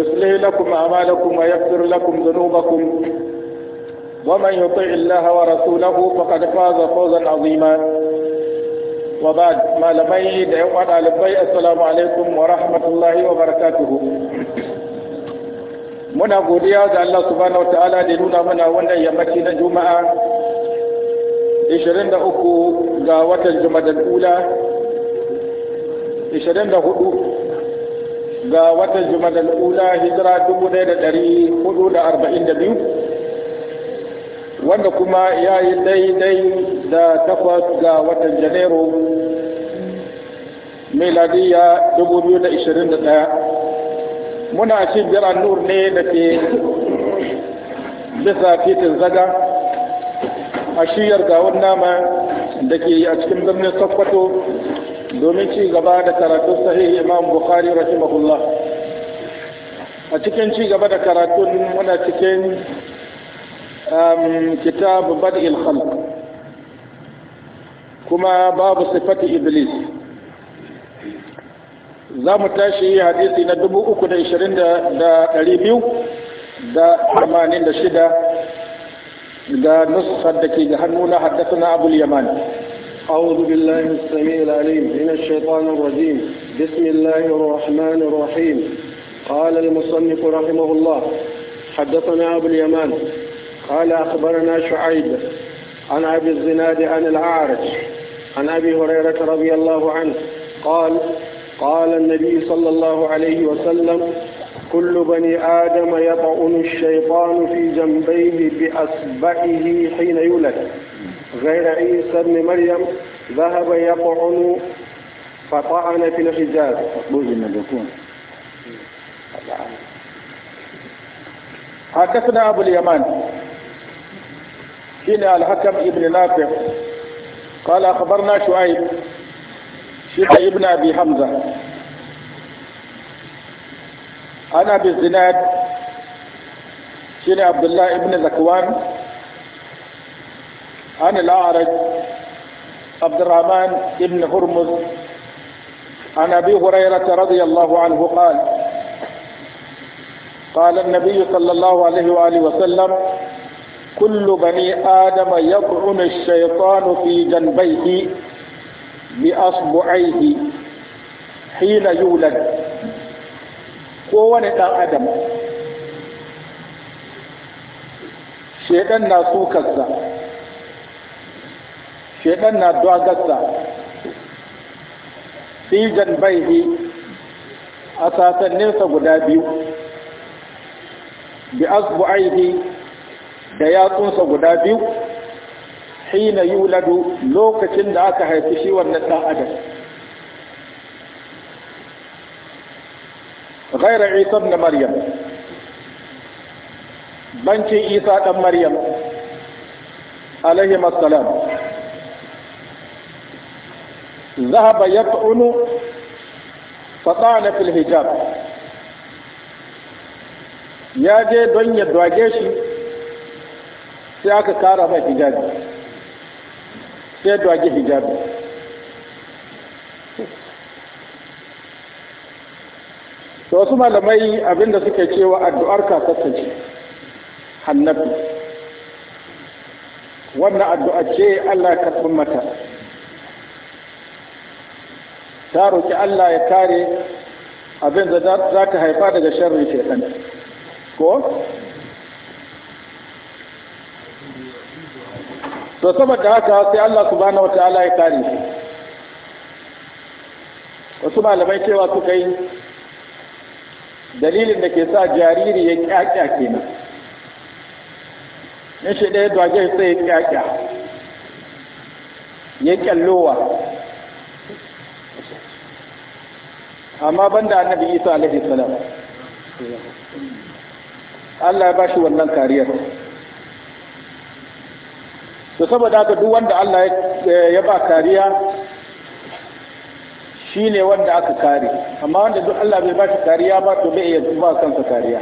يصلح لكم أعمالكم ويغفر لكم ذنوبكم ومن يطع الله ورسوله فقد فاز فوزا عظيما وبعد ما لم يجد يوم على البيع السلام عليكم ورحمة الله وبركاته من أقول يا الله سبحانه وتعالى لنونا من أولا يمكين جمعة إشرين أكو غاوة الجمد الأولى إشرين أكو ga watan jumadal ula hijira 1442 wanda kuma ya yi daidai da takwas ga watan janairu da 2021 muna cin jiran nur ne da ke bisa titin zaga a shiyar gawon nama da ke a cikin birnin sokoto domin ci gaba da karatun sahih imam bukhari rahimahullah a cikin ci gaba da karatun muna cikin um, kitab bad'il khalq kuma babu sifati iblis za mu tashi hadisi na 320 da nusar da ke ga hannu na haddasa na abul yamani أعوذ بالله السميع العليم من الشيطان الرجيم بسم الله الرحمن الرحيم قال المصنف رحمه الله حدثنا أبو اليمان قال أخبرنا شعيب عن أبي الزناد عن الأعرج عن أبي هريرة رضي الله عنه قال قال النبي صلى الله عليه وسلم كل بني آدم يطعن الشيطان في جنبيه بأسبعه حين يولد غير عيسى بن مريم ذهب يطعن فطعن في الحجاز حدثنا أبو اليمان الى الحكم ابن نافع قال أخبرنا شعيب شيخ ابن أبي حمزة أنا بالزناد شيخ عبد الله ابن ذكوان عن الأعرج عبد الرحمن بن هرمز عن أبي هريرة رضي الله عنه قال قال النبي صلى الله عليه وآله وسلم كل بني آدم يطعن الشيطان في جنبيه بأصبعيه حين يولد كون آدم شيئا shaidan كذا shaidan na dogarsa fijan baihi a sasanninsa guda biyu bi asbu'aihi da yatsunsa guda biyu hina yuladu lokacin da aka haifi shi wannan ɗan adam ghaira isa na maryam banci isa ɗan maryam alaihi salam ذهب يطعن فطعن في الحجاب ya je don ya dwage shi sai aka kara mai hijabi sai hijabi da wasu malamai abinda suke cewa addu'ar kasarsa ce hannabi wannan addu'a ce Allah ya karɓi mata ta roƙi Allah ya kare abin da za ka haifa daga sharrin shaitan ko to saboda haka sai Allah subhanahu wataala ya kare shi wasu malamai cewa suka yi dalilin da ke sa jariri ya kyakya kenan in shi ɗaya dwaje sai ya kyakya ya kyallowa amma ban da annabi isa alaihi salam Allah ya bashi wannan kariyar to saboda haka duk wanda Allah ya eh, ba kariya shine wanda aka kare amma wanda duk Allah bai bashi kariya ba to bai iya ba kansa kariya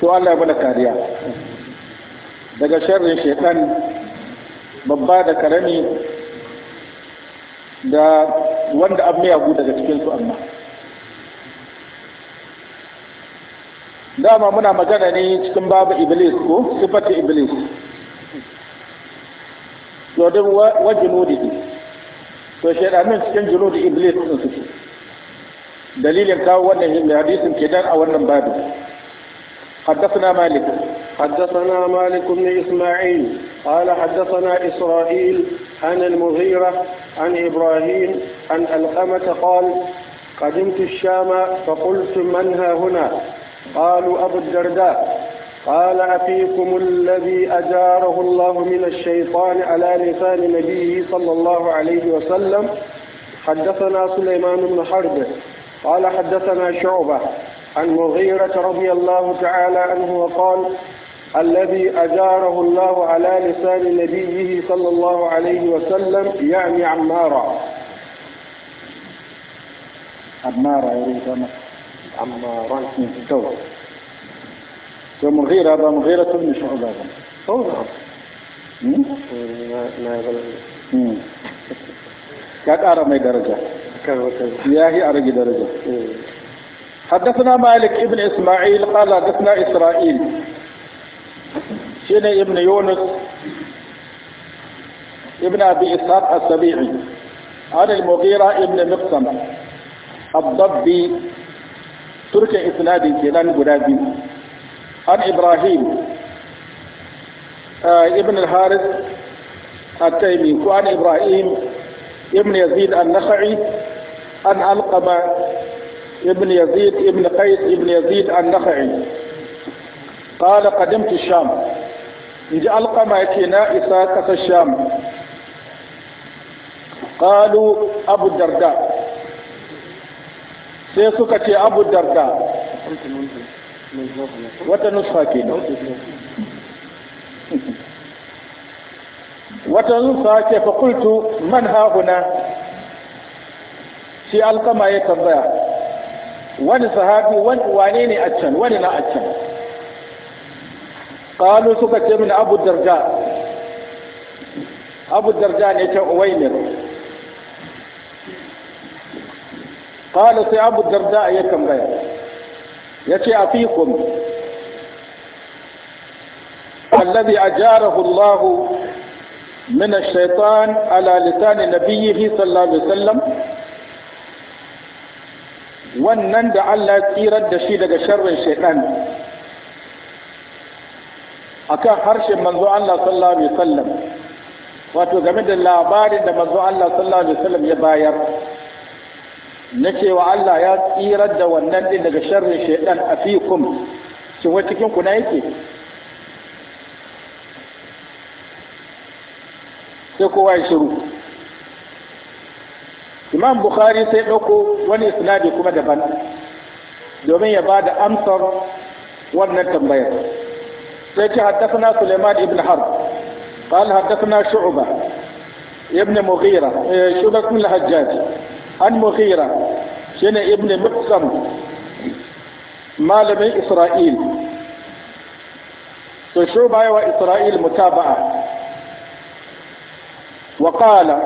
to Allah ya bada kariya daga sharrin shaitan babba da karami da wanda an mayagu daga cikinsu amma dama muna magana ne cikin babu iblis ko sifati iblis yodin wa junudi to shaidanin cikin junudi iblis sun su. dalilin kawo wannan hadisin dan a wannan babu حدثنا مالك حدثنا مالك بن اسماعيل قال حدثنا اسرائيل عن المغيرة عن إبراهيم عن ألقمة قال قدمت الشام فقلت من ها هنا قالوا أبو الدرداء قال أفيكم الذي أجاره الله من الشيطان على لسان نبيه صلى الله عليه وسلم حدثنا سليمان بن حرب قال حدثنا شعبة عن مغيرة رضي الله تعالى عنه وقال الذي أجاره الله على لسان نبيه صلى الله عليه وسلم يعني عمارة عمارة يريد عمارة عمارا تو تو مغيرة هذا مغيرة من شعبة هذا نعم قد أرى ما درجة ياهي أرى درجة حدثنا مالك ابن إسماعيل قال حدثنا إسرائيل shi ابن يونس ابن أبي إسحاق السبيعي عن المغيرة ابن مقسم الضبي ترك إسنادي كنان قدادي عن إبراهيم آه ابن الحارث التيمي وعن إبراهيم ابن يزيد النخعي عن علقمة ابن يزيد ابن قيس ابن يزيد النخعي قال قدمت الشام in ji alƙama ce na isa ƙasar sham ƙalu abu darda sai suka ce abu darda wata nufa ke wata nufa ke fakultu man hahuna shi alƙama ya tambaya wani sahabi wane ne a can wani na a can qalu suka ce min abu darda abu darda ne ta uwaimir qala sai abu darda ya tambaya yace afikum الذي أجاره الله من الشيطان على لسان نبيه صلى الله عليه وسلم wannan da Allah tsirar da shi daga sharrin shaitan akan harshen manzo Allah sallallahu alaihi wasallam wato game da labarin da manzo Allah sallallahu alaihi wasallam ya bayar na cewa Allah ya tsirar da wannan din daga sharrin shaidan a fikum shin wa cikin ku na yake sai kowa ya shiru imam bukhari sai ɗauko wani isnadi kuma daban domin ya ba da amsar wannan tambayar سيتي حدثنا سليمان بن حرب قال حدثنا شعبة ابن مغيرة شعبة من الحجاج عن مغيرة شنو ابن مقسم malamin Isra'il, to shi baya Isra'il mutaba'a, wa ƙala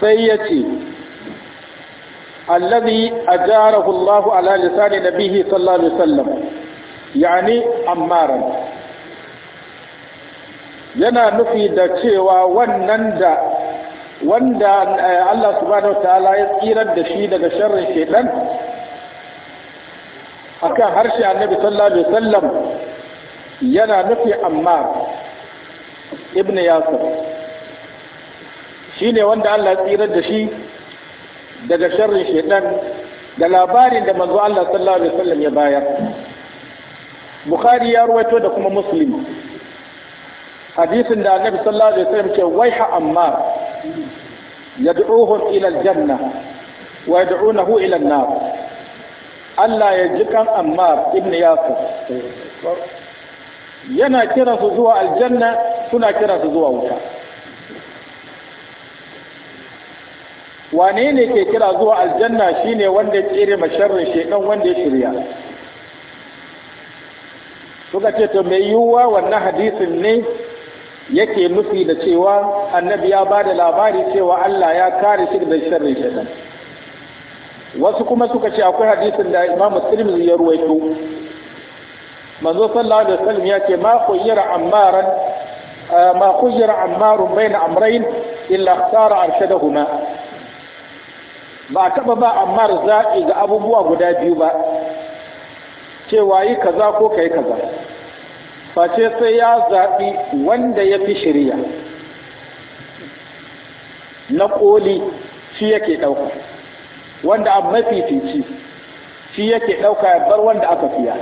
sai ya ce, Allazi a jarahullahu ala lisani na bihi yani ammaran yana nufi da cewa wannan da wanda eh, Allah subhanahu wataala ya tsirar da shi daga sharrin shedan akan harshe annabi sallallahu alaihi wasallam yana nufi ammar ibn yasir shine wanda Allah ya tsirar da shi daga sharrin shedan da labarin da manzo Allah sallallahu alaihi wasallam ya bayar bukhari ya ruwaito da kuma muslim hadisin da annabi sallallahu alaihi wasallam ce waiha ammar yad'uhum ila aljanna wa yad'unahu ila an-nar Allah ya ji kan Ammar ibn Yasir yana kiran su zuwa aljanna suna kiran su zuwa wuta wane ne ke kira zuwa aljanna shine wanda ya tsere masharrin shedan wanda ya shirya suka ce to mai yiwuwa wannan hadisin ne yake nufi da cewa annabi ya ba da labari cewa Allah ya kare shi da sharrin shaitan wasu kuma suka ce akwai hadisin da Imam Tirmidhi ya ruwaito manzo sallallahu alaihi wasallam ya ce ma khayyara ammaran eh, ma khayyara ammarun bayna amrayn illa ikhtara arshadahuma ba taba ba ammar zaɓi ga abubuwa guda biyu ba cewa yi kaza ko kai kaza face sai ya zaɓi wanda ya fi shirya na ƙoli shi yake ɗauka wanda a mafifici shi yake ɗauka ya bar wanda aka fiya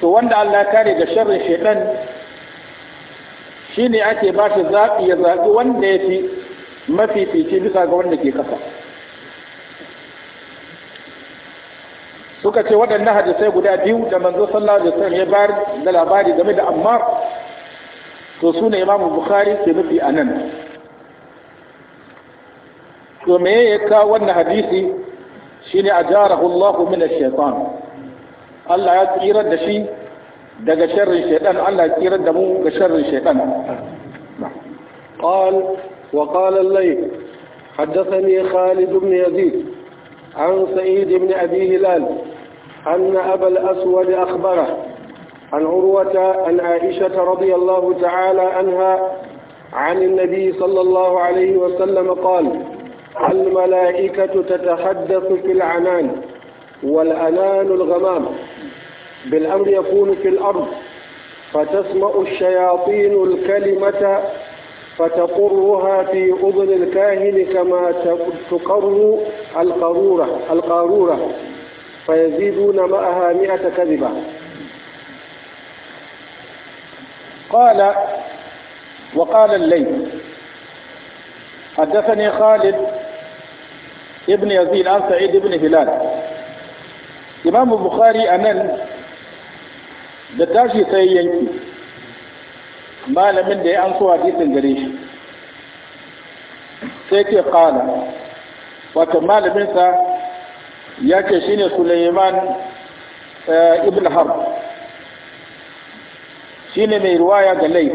to wanda Allah kare da sharrin shaidan shine ake ba shi zaɓi ya zaɓi wanda ya fi mafifici bisa ga wanda ke kasa suka ce waɗannan hadisai guda biyu da manzo sallallahu alaihi wasallam ya bayar da labari game da Ammar to su ne Imam Bukhari ke nufi anan. nan to me ya kawo wannan hadisi shine ajarahu Allah min ash-shaytan Allah ya tsira da shi daga sharrin shaytan Allah ya tsira da mu ga sharrin shaytan قال وقال الليل حدثني خالد بن يزيد عن سعيد بن أبي هلال أن أبا الأسود أخبره عن عروة عن عائشة رضي الله تعالى عنها عن النبي صلى الله عليه وسلم قال الملائكة تتحدث في العنان والأنان الغمام بالأمر يكون في الأرض فتسمع الشياطين الكلمة فتقرها في أذن الكاهن كما تقر القارورة, القارورة فيزيدون معها مئة كذبة قال وقال الليل حدثني خالد ابن يزيد عن سعيد بن هلال إمام البخاري أنن da tashi sai yanki malamin da ya amso hadisin gare shi sai ke kala wato malaminsa ya ce shi ne suleiman eh, ibn har shi ne mai ruwaya ga laif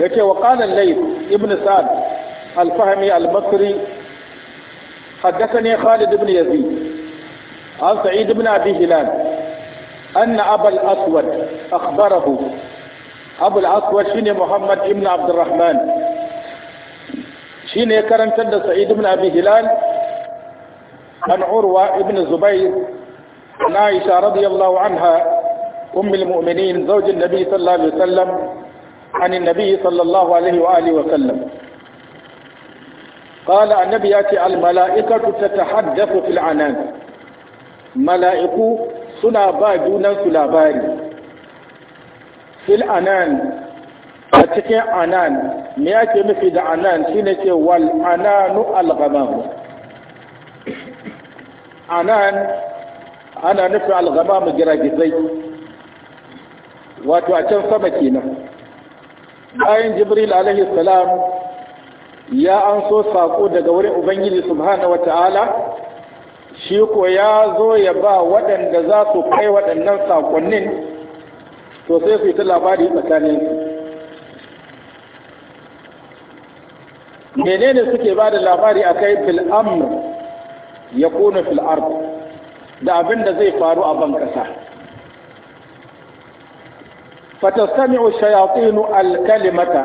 ya ce wa laif ibn sa'ad alfahami al-masri haddasa ne khalid ibn yazid an sa'id ibn abi hilal an na abal aswad akhbarahu abul shi ne muhammad ibn abdurrahman shi ne karantar da sa'id ibn abi عن عروة بن الزبير عن عائشة رضي الله عنها أم المؤمنين زوج النبي صلى الله عليه وسلم عن النبي صلى الله عليه وآله وسلم قال النبي أتي الملائكة تتحدث في العنان ملائكو سنا باجونا سلاباري في العنان a cikin anan me yake nufi da anan shine ce wal ananu al a nan ana nufin algama mu giragizai wato a can sama kenan bayan jibril alaihi salam ya an so saƙo daga wurin ubangiji subhanahu wata'ala shi ko ya zo ya ba waɗanda za su kai waɗannan saƙonnin to sai su yi ta labari tsakanin menene suke ba da labari a kai bil'amur ya kuna fil da abin da zai faru a ban kasa fatastami'u shayatinu alkalimata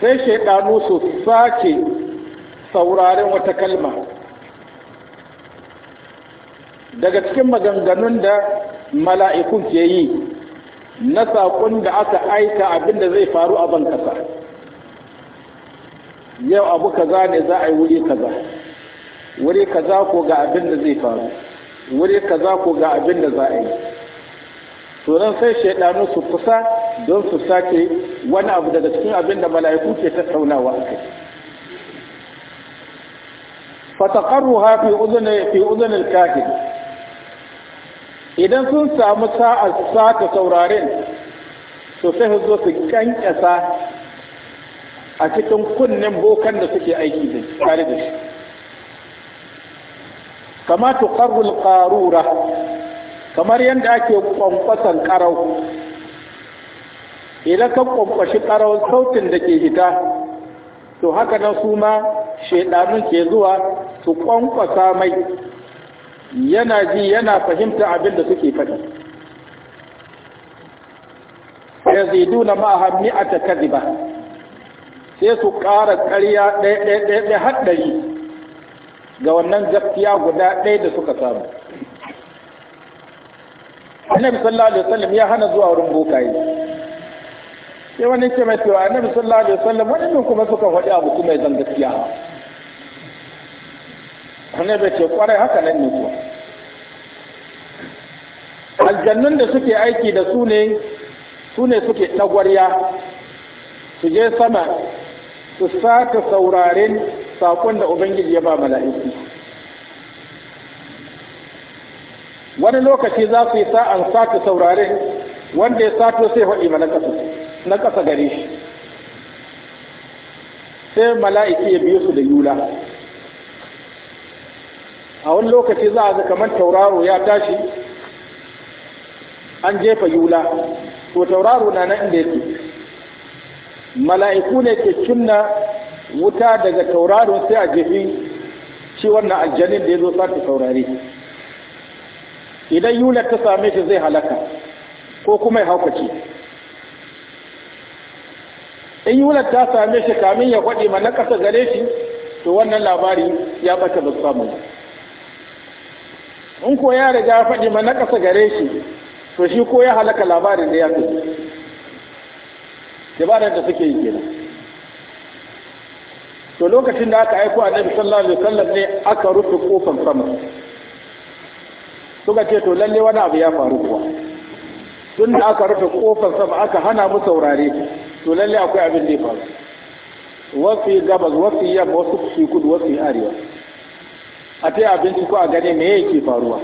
sai shaidanu su sake sauraren wata kalma daga cikin maganganun da mala'ikun ke yi na saƙon da aka aika abin da zai faru a ban kasa yau abu kaza ne za a yi wuri kaza wuri kaza ko ga abin da zai faru wuri kaza ko ga abin da za a yi to nan sai shaidanu su kusa don su sake wani abu daga cikin abin da mala'iku ke tattaunawa a kai fataqarruha fi fi al idan sun samu sa'ar saka sauraren to sai su zo su kankasa a cikin kunnen bokan da suke aiki tare da shi kama tuqarrul qarura kamar yadda ake kwankwasan qarau idan ka kwamfashi qarau sautin da ke hita to haka nan su ma shaidanun ke zuwa su kwankwasa mai yana ji yana fahimta abin da suke faɗi ya duna na ma'ahammi a takadiba sai su ƙara ƙarya ɗaya ɗaya ɗaya haɗari ga wannan gaskiya guda ɗaya da suka samu annabi sallallahu alaihi wasallam ya hana zuwa wurin bokaye sai wani ce mai cewa annabi sallallahu alaihi wasallam ne kuma suka faɗi abu kuma zan gaskiya annabi ce kwarai haka nan ne kuwa aljannun da suke aiki da su ne su ne suke tagwarya su je sama su saka sauraren saƙon da ubangiji ya ba mala'iku wani lokaci za su yi sa'an sake saurare wanda ya sato sai faɗi ma na ƙasa gare shi sai mala'iki ya biyo su da yula a wani lokaci za a ga kamar tauraro ya tashi an jefa yula to tauraro na nan inda yake mala'iku ne ke cunna wuta daga tauraron sai a jefi shi wannan aljanin da ya zo sata taurari idan yula ta same shi zai halaka ko kuma ya haukace in yula ta same shi kamin ya kwaɗe ma na ƙasa gare shi to wannan labari ya ɓata da samu in ko ya riga ya faɗi ma na ƙasa gare shi to shi ko ya halaka labarin da ya fi dabarar da suke yi kenan to lokacin da aka aiko annabi sallallahu alaihi wasallam ne aka rufe kofar sama suka ce to lalle wani abu ya faru kuwa tun da aka rufe kofar sama aka hana mu saurare to lalle akwai abin da ya faru wasu gabas wasu yamma wasu su kudu wasu arewa a ta abinci ko a gane me yake faruwa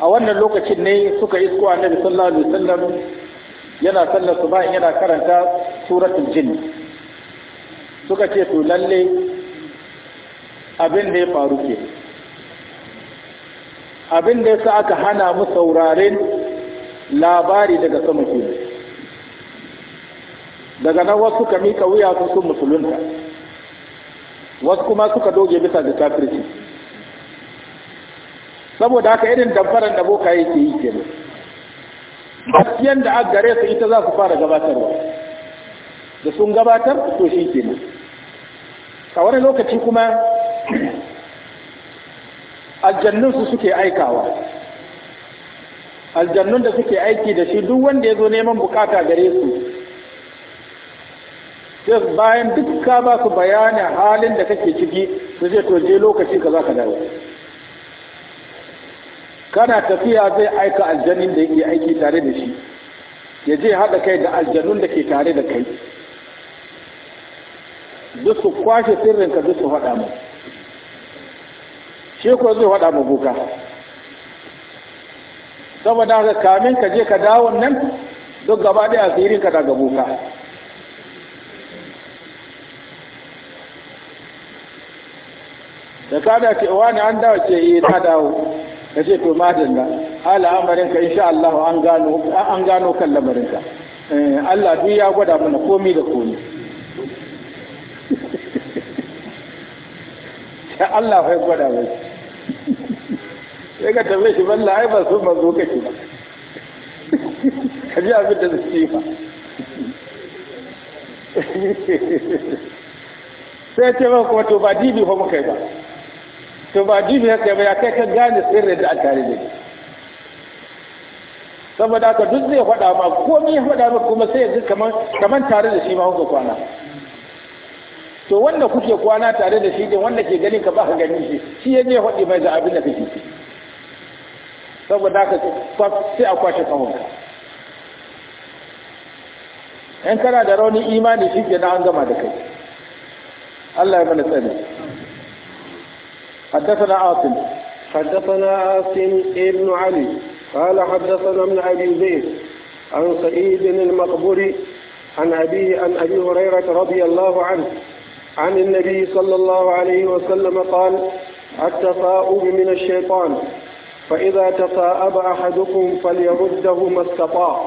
a wannan lokacin ne suka isko annabi sallallahu alaihi wasallam yana sallar su bayan yana karanta suratul jin suka ce to lalle abin da ya faru ke abin da yasa aka hana mu sauraren labari daga sama ke daga nan wasu ka mika wuya su sun musulunta wasu kuma suka doge bisa da kafirci saboda haka irin dabbaran da boka yake yi kenan gaskiyar da aka gare su ita za su fara gabatarwa da sun gabatar to shi ke kenan a wani lokaci kuma aljannunsu suke aikawa aljannun da suke aiki da shi duk wanda ya zo neman bukata gare su sai bayan duk ka ba su bayanin halin da kake ciki su je to je lokaci ka za ka dawo kana tafiya zai aika aljanin da yake aiki tare da shi ya je haɗa kai da aljanun da ke tare da kai duk su kwashe sirrinka duk su haɗa mu shi ko zai haɗa mu buka saboda haka kamin ka je ka dawo nan duk gaba ɗaya asirinka daga buka da ka da ce wani an dawo ce eh, yi ta dawo ka ce to madalla al'amarin ka insha Allah an gano an gano kan lamarin ka eh, Allah duk ya gwada mana komi da komi sai Allah ya gwada mai sai ka tambaye shi balla ai ba su mazo kake ba kaji a abin da zai ci sai ce ba kuma to ba dibi ko muka yi ba to ba jibi haka kai ba ya kai ka gane sirri da aka tare saboda haka duk zai faɗa ma komai ya faɗa ma kuma sai yanzu kaman tare da shi ma kuka kwana to wanda kuke kwana tare da shi din wanda ke ganin ka ba ka gani shi shi ya je faɗi mai da abin da kake ci saboda haka sai a kwashe kawunka in kana da rauni imani shi ke na an gama da kai Allah ya mana tsari حدثنا عاصم حدثنا عاصم ابن علي قال حدثنا ابن أبي زيد عن سعيد المقبري عن أبي عن أبي هريرة رضي الله عنه عن النبي صلى الله عليه وسلم قال التثاؤب من الشيطان فإذا تثاءب أحدكم فليرده ما استطاع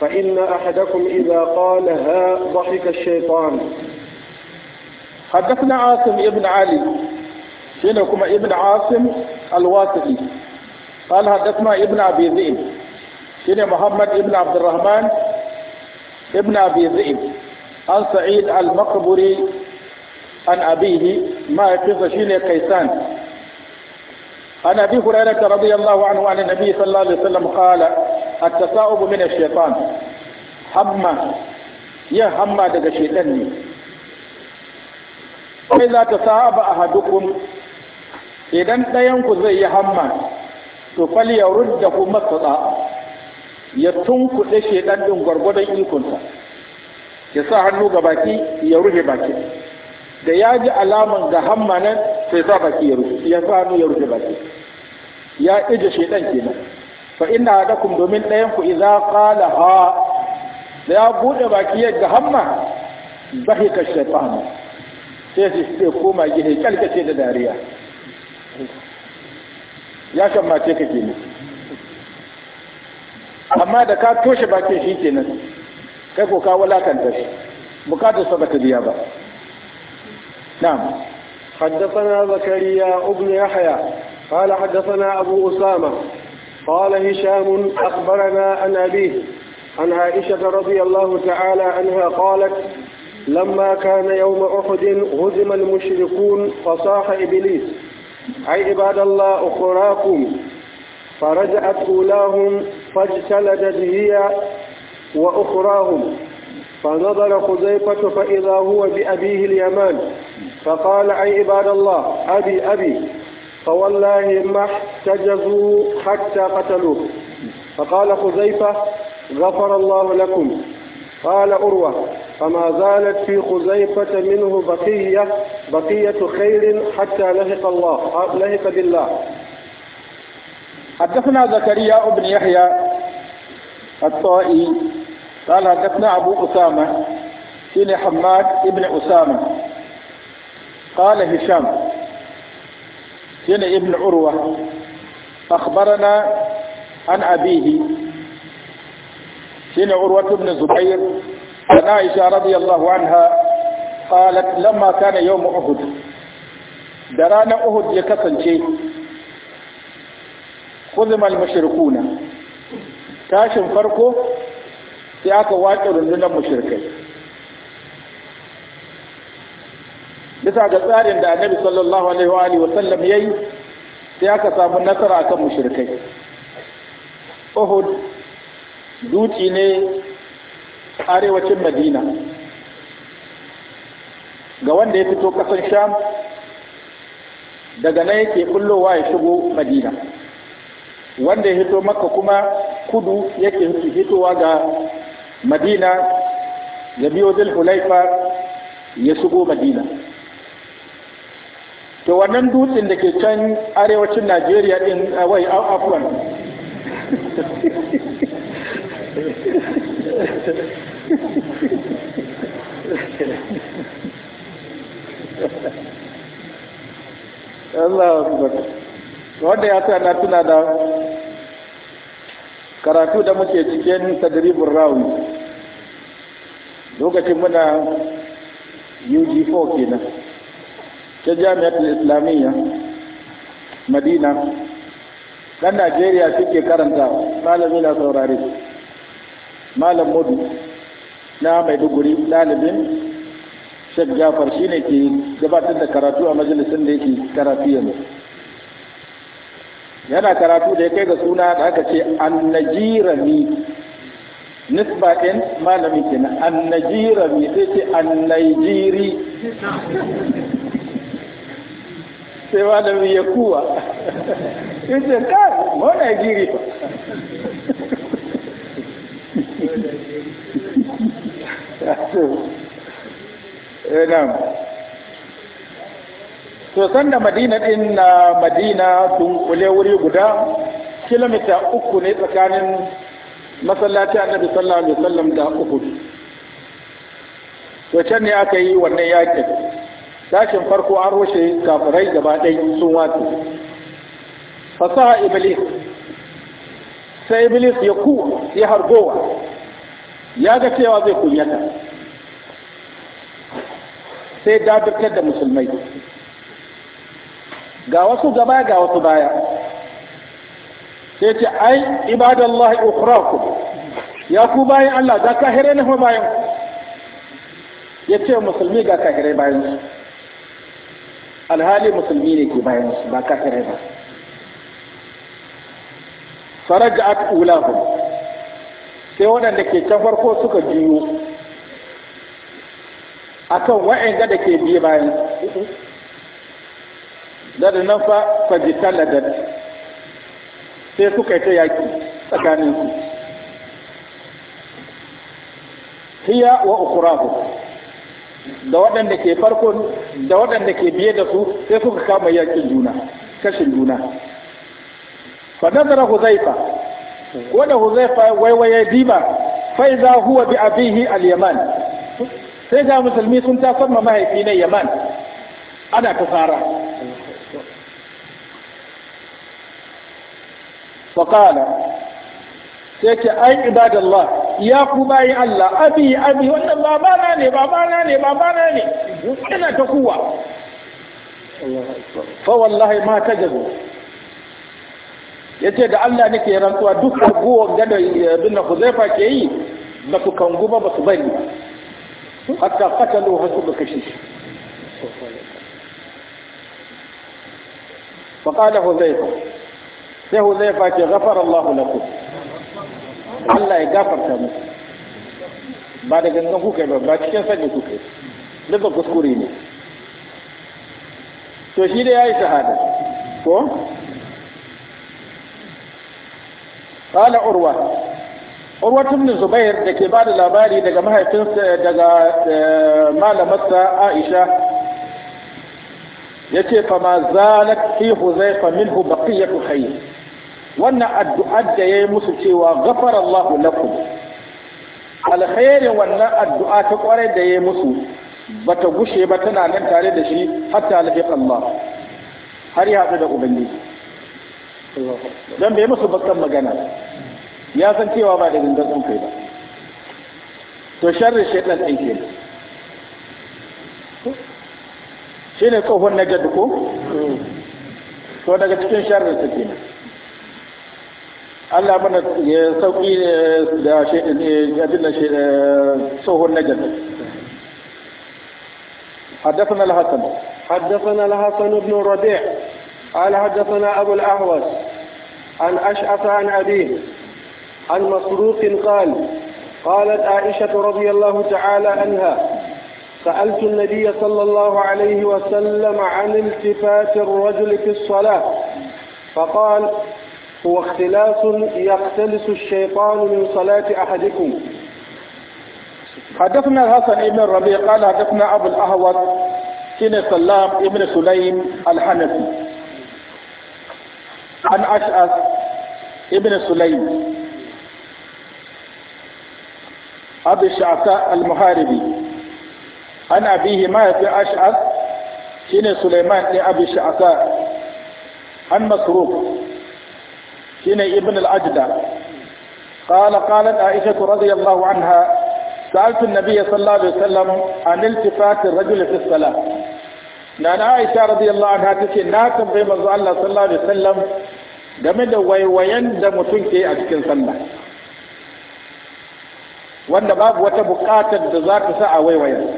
فإن أحدكم إذا قال ها ضحك الشيطان حدثنا عاصم ابن علي shine kuma ibn asim al-wasiti قال حدثنا ابن ابي ذئب شنو محمد ابن عبد الرحمن ابن ابي ذئب عن سعيد المقبري عن ابيه ما يقص شنو كيسان عن ابي هريره رضي الله عنه عن النبي صلى الله عليه وسلم قال التصاؤب من الشيطان هم يا هم دغ شيطان ne sai za ta saba ahadukum idan ɗayanku zai yi hamma to fal ya da ku matsatsa ya tunkuɗe shaidan ɗin gwargwadon ikonsa ya sa hannu ga baki ya rufe baki da ya ji alaman ga hamma nan sai sa baki ya rufe ya sa hannu ya rufe baki ya ije shaidan kenan fa da kun domin ɗayanku iza qala ha da ya buɗe baki ya ga hamma zahika fahimta. sai sai koma gihe kalkace da dariya ya kamace ka kenan amma da ka toshe bakin shi kenan kai ko ka wulakanta shi bukatar sa biya ba na'am حدثنا زكريا ابن يحيى قال حدثنا أبو أسامة قال هشام أخبرنا عن أبيه عن عائشة رضي الله تعالى عنها قالت لما كان يوم أحد هزم المشركون فصاح إبليس أي عباد الله أخراكم فرجعت أولاهم فاجتلدت هي وأخراهم فنظر خزيفة فإذا هو بأبيه اليمان فقال أي عباد الله أبي أبي فوالله ما احتجزوا حتى قتلوه فقال خزيفة غفر الله لكم قال أروى فما زالت في خزيفة منه بقية بقية خير حتى لهق الله لهق بالله حدثنا زكريا بن يحيى الطائي قال حدثنا أبو أسامة بن حماد ابن أسامة قال هشام بن ابن عروة أخبرنا عن أبيه حين عروة بن زبير عن عائشة رضي الله عنها قالت لما كان يوم أهد دران أهد يكسن شيء خذم المشركون تاشم فرقه سياك واتر من المشركين بسا قصار عند النبي صلى الله عليه وآله وسلم يي سياك صاب النصر أكا مشركين أهد Dutsi ne arewacin madina ga wanda ya fito kasan sham daga nan yake kullowa ya shigo madina wanda ya hito maka kuma kudu yake hitowa ga madina ya biyo hulaifa ya shigo madina to wannan dutsen da ke can arewacin najeriya din wai afuwan Allah wanda ya na tuna da karatu da muke cikin tadribin rawi lokacin muna UG4 kenan ta jami'atul islamiyya madina dan najeriya suke karanta malami na saurare malam mudu na maiduguri dalibin shek jafar shi ne ke gabatar da karatu a majalisun da yake karatu yanzu yana karatu da ya kai ga suna da aka ce annajirami nisba ɗin malami kenan annajirami sai ce annajiri sai malami ya kuwa in ce kai mo najiri Eh, to da madina din na madina kule wuri guda kilomita uku ne tsakanin masallaci annabi sallallahu alaihi wasallam da uku to can ne aka yi wannan yakin tashin farko an rushe kafirai gaba ɗaya sun wato fasaha iblis sai iblis ya ku ya hargowa ya ga cewa zai kunyata sai dadurtar da musulmai ga wasu gaba ga wasu baya sai ce ai ibadallahi ukhrakum ya ku bayan Allah ga kahire ne fa bayan ya ce musulmi ga kahire bayan su alhali musulmi ne ke bayan su ba kahire ba faraja'at ulahum sai waɗanda ke can farko suka a kan wa'anga da ke biye bayan da da nan fa fajitala da sai suka yi ta yaƙi tsakanin su hiya wa ukurahu da waɗanda ke farko da waɗanda ke biye da su sai suka kama yaƙin juna kashin juna fa nazara huzaifa wanda huzaifa waiwaye diba fai za huwa bi abihi al-yaman sai ga musulmi sun tasar ma mahaifi na yaman ana kasara faƙala sai ce ai ibadallah ya ku bayi Allah abi abi wannan babana ne babana ne babana ne ina ta kuwa fa wallahi ma tajazu yace da Allah nake rantsuwa duk ragowar gada eh, bin Huzaifa ke yi ba su guba ba su bari hatta qatalu hasu da kashi fa qala Huzaifa sai Huzaifa ke ghafara Allah lakum Allah ya gafarta muku ba da gangan kuka ba ba cikin sanya kuka duk ba kuskure ne to shi da yayi shahada ko Sale urwa urwa ibn zubair da ke bada labari daga mahaifinsa daga eh, malamarsa aisha yace fa ma zalat fi ba minhu baqiyatu khayr wannan addu'ar da yi musu cewa ghafara Allahu lakum alkhairin wannan addu'a ta kwarai da yi musu bata gushe ba tana nan tare da shi hatta alfiq Allah har ya haɗu da ubangiji don bai musu bakan magana ya san cewa ba da gangan sun kai ba to sharrin shaitan ɗin ke shi ne tsohon na gadi ko to daga cikin sharrin su ke Allah mana ya sauki eh, da shaitan eh, abin da eh, tsohon na gadi حدثنا الحسن حدثنا الحسن بن ربيع قال حدثنا ابو الأحوص عن أشعث عن أبيه عن مسروق قال قالت عائشة رضي الله تعالى عنها سألت النبي صلى الله عليه وسلم عن التفات الرجل في الصلاة فقال هو اختلاس يختلس الشيطان من صلاة أحدكم حدثنا الحسن بن الربيع قال حدثنا أبو الأهوت بن سلام بن سليم الحنفي عن أشعث ابن سليم أبي الشعثاء المحاربي عن أبيه مات أشعث شين سليمان لأبي الشعثاء عن مسروق شين ابن الأجدى قال قالت عائشة رضي الله عنها سألت النبي صلى الله عليه وسلم عن التفات الرجل في الصلاة na na aisha radiyallahu anha tace na tambaye manzo Allah sallallahu alaihi wasallam game da waiwayen da mutum ke a cikin sallah wanda babu wata buƙatar da za ta sa a waiwayen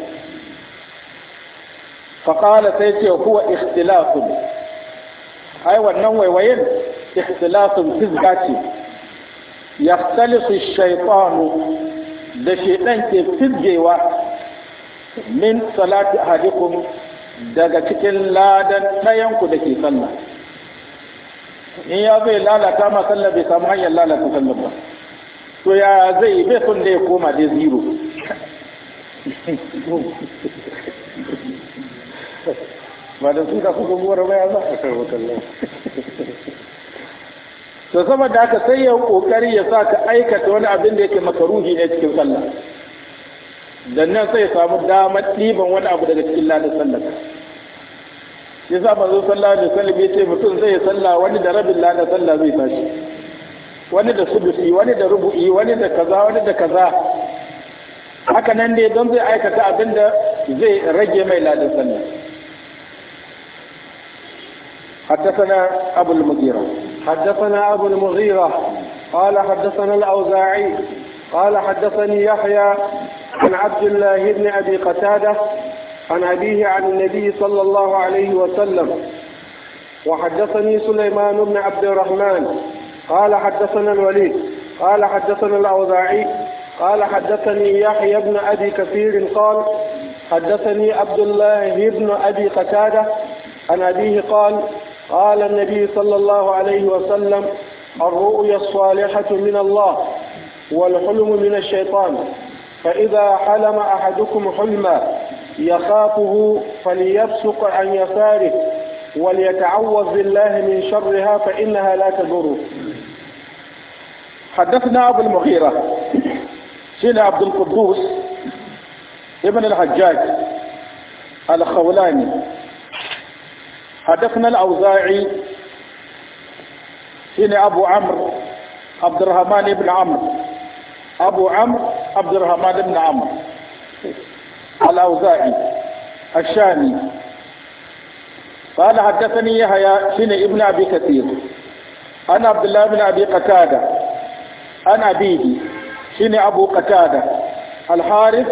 faƙala sai ce kuwa ikhtilafun ai wannan waiwayen ikhtilafun fizga ce yahtalisu shaitanu da shaitan ke fizgewa min salati ahadikum daga cikin ladan tayanku da ke sallah in ya zai lalata ma sallah bai samu hanyar lalata sallah ba to ya zai bai sun da ya koma dai zero ba da suka kuka kuma wara ya za a karɓi kallon to saboda haka sai ya kokari ya sa ka aikata wani abin da yake makaruhi ne cikin sallah dan nan sai ya samu damar ɗiban wani abu daga cikin ladar sallar shi sa manzo sallallahu mai wasallam ce mutum zai salla wani da rabin ladar sallah zai tashi wani da sudusi wani da rubu'i wani da kaza wani da kaza haka nan ne don zai aikata abin da zai rage mai ladar sallah حدثنا أبو المغيرة حدثنا أبو المغيرة قال حدثنا الأوزاعي قال حدثني يحيى عن عبد الله بن أبي قتادة عن أبيه عن النبي صلى الله عليه وسلم وحدثني سليمان بن عبد الرحمن قال حدثنا الوليد قال حدثنا الأوزاعي قال حدثني يحيى بن أبي كثير قال حدثني عبد الله بن أبي قتادة عن أبيه قال قال النبي صلى الله عليه وسلم الرؤيا الصالحة من الله والحلم من الشيطان فإذا حلم أحدكم حلما يخافه فليبسق عن يساره وليتعوذ بالله من شرها فإنها لا تضره حدثنا أبو المغيرة سيدنا عبد القدوس ابن الحجاج الخولاني حدثنا الأوزاعي سيدنا أبو عمرو عبد الرحمن بن عمرو أبو عمرو عبد الرحمن بن عمرو الأوزاعي الشامي قال حدثني يحيى بن ابن أبي كثير أنا عبد الله بن أبي قتادة أنا أبيه شن أبو قتادة الحارث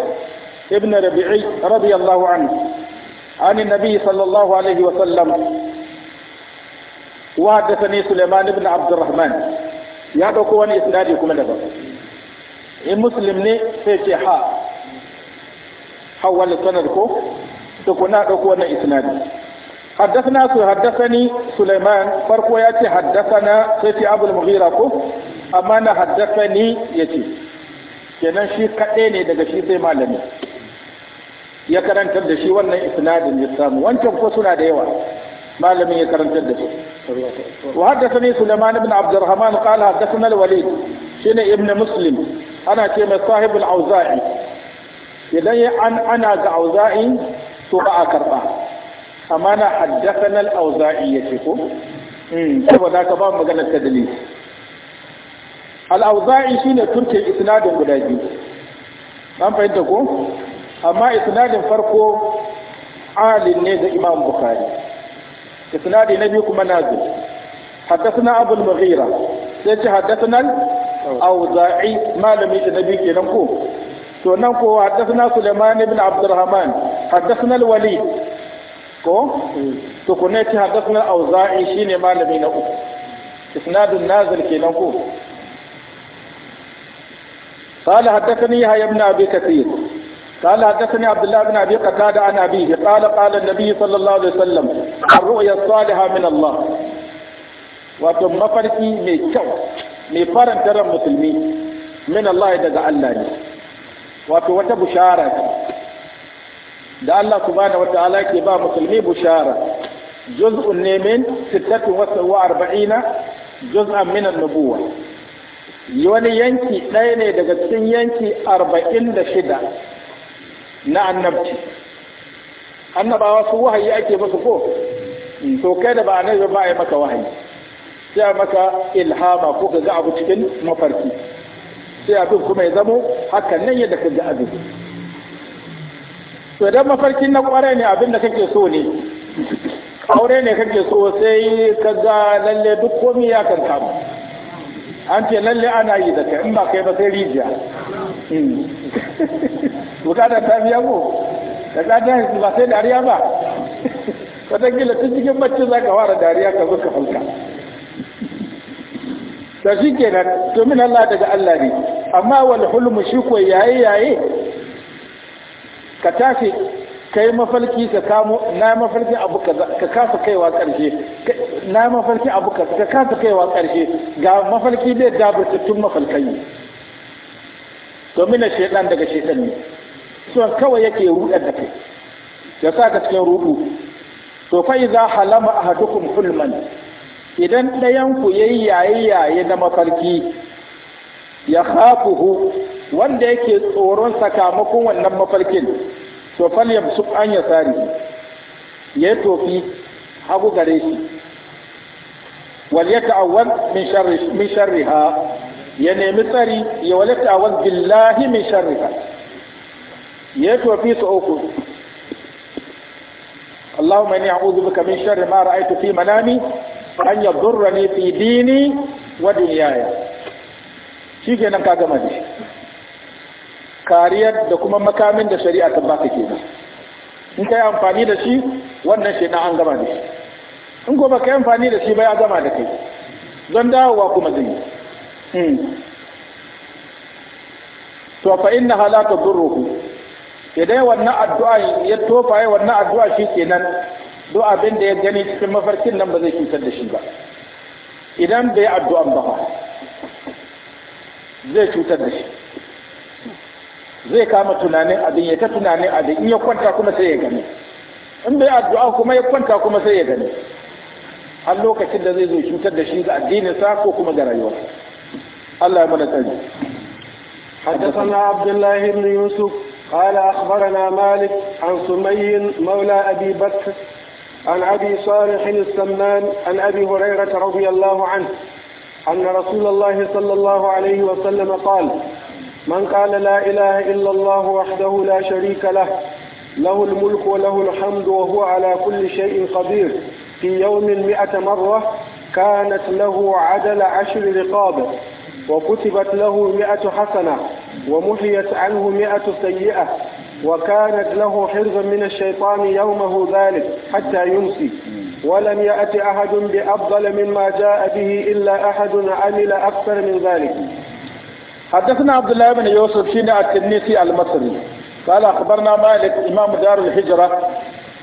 ابن ربيعي رضي الله عنه عن النبي صلى الله عليه وسلم وحدثني سليمان بن عبد الرحمن يا دوكو وان اسنادي كما دبا in muslim ne sai ce ha hawal sanad ko to na dauko wannan isnadi sulaiman farko ya ce haddathana sai ce abul mughira ko amma na haddathani yace kenan shi kade ne daga shi sai malami ya karantar da shi wannan isnadin ya samu wancan ko suna da yawa malamin ya karantar da shi. wa haddathani sulaiman ibn abdurrahman qala haddathana al-walid shine ibn muslim ana ce mai sahibul auza'i idan ya an ana ga auza'i to ba a karba amma na haddathana al ya ce, ko mm saboda ka ba maganar ta dalili al-auza'i shine turke isnadin guda biyu an fahimta ko amma isnadin farko alin ne ga imam bukhari isnadi na biyu kuma nazil حدثنا أبو المغيرة سيتي حدثنا auza'i malami da nabi kenan ko to nan ko haddathna Sulaiman ibn Abdurrahman haddathna al-Walid ko to ko ne ta shine malami na uku kenan ko قال حدثني يحيى بن ابي كثير قال حدثني عبد الله بن ابي قتاده عن ابيه قال قال النبي صلى الله عليه وسلم الرؤيا الصالحه من الله wato mafarki mai kyau mai faranta ran musulmi min Allah daga Allah ne wato wata bushara da Allah subhanahu wata'ala ke ba musulmi bushara juz'un ne min 46 juz'an min an-nubuwa wani yanki ɗaya ne daga cikin yanki shida na annabci annabawa su wahayi ake musu ko to kai da ba annabi ba yi maka wahayi sai maka ilhama ko ka ga abu cikin mafarki sai abin kuma ya zamo hakan nan yadda ka ga abin to dan mafarkin na kware ne abin da kake so ne aure ne kake so sai ka ga lalle duk komai ya kan samu an ce lalle ana yi da kai in ba kai ba sai rijiya hmm. bukatar ta biya ko da gadon ba sai dariya ba wata gila tun cikin bacci za ka fara dariya ka zo ka falka da shi kenan to min Allah daga Allah ne amma wal hulmu shi ko yaye yaye ka tafi kai mafalki ka kamo na mafalki abu ka kasa kaiwa karshe na mafalki abu ka kasa kaiwa karshe ga mafalki da tun mafalkai to min shaytan daga shaytan ne so kawai yake rudar da kai ya sa cikin rudu to fa iza halama ahadukum hulman idan ɗayanku ya yi yaye-yaye na mafarki ya hafuhu wanda yake tsoron sakamakon wannan mafarkin to falyam su an ya tsari ya yi tofi hagu gare shi wal ya ta'awwal min sharriha ya nemi tsari ya wal ya ta'awwal billahi min sharriha ya yi tofi su uku اللهم اني اعوذ بك من شر ما رايت في منامي an yadurra ne fi dini wa duniyaya shi kenan ka gama ne kariyar da kuma makamin da shari'a ta baka kenan in ka yi amfani da shi wannan shi na an gama ne in ko baka yi amfani da shi ba ya gama da kai don dawowa kuma zai yi hmm. to fa inna halaka tadurruhu idan wannan addu'a ya tofa wannan addu'a shi kenan duk abin da ya gani cikin mafarkin nan ba zai cutar da shi ba idan bai addu'an ba zai cutar da shi zai kama tunanin abin ya ta tunanin abin in ya kwanta kuma sai ya gani in bai addu'a kuma ya kwanta kuma sai ya gani har lokacin da zai zo cutar da shi ga addinin sa ko kuma ga rayuwa Allah ya mana tsari حدثنا عبد الله بن يوسف قال أخبرنا مالك عن سمي مولى أبي بكر عن أبي صالح السمان عن أبي هريرة رضي الله عنه أن رسول الله صلى الله عليه وسلم قال من قال لا إله إلا الله وحده لا شريك له له الملك وله الحمد وهو على كل شيء قدير في يوم مئة مرة كانت له عدل عشر رقاب وكتبت له مئة حسنة ومحيت عنه مئة سيئة وكانت له حرزا من الشيطان يومه ذلك حتى يمسي ولم يأت أحد بأفضل مما جاء به إلا أحد عمل أكثر من ذلك حدثنا عبد الله بن يوسف شين التنيسي المصري قال أخبرنا مالك إمام دار الهجرة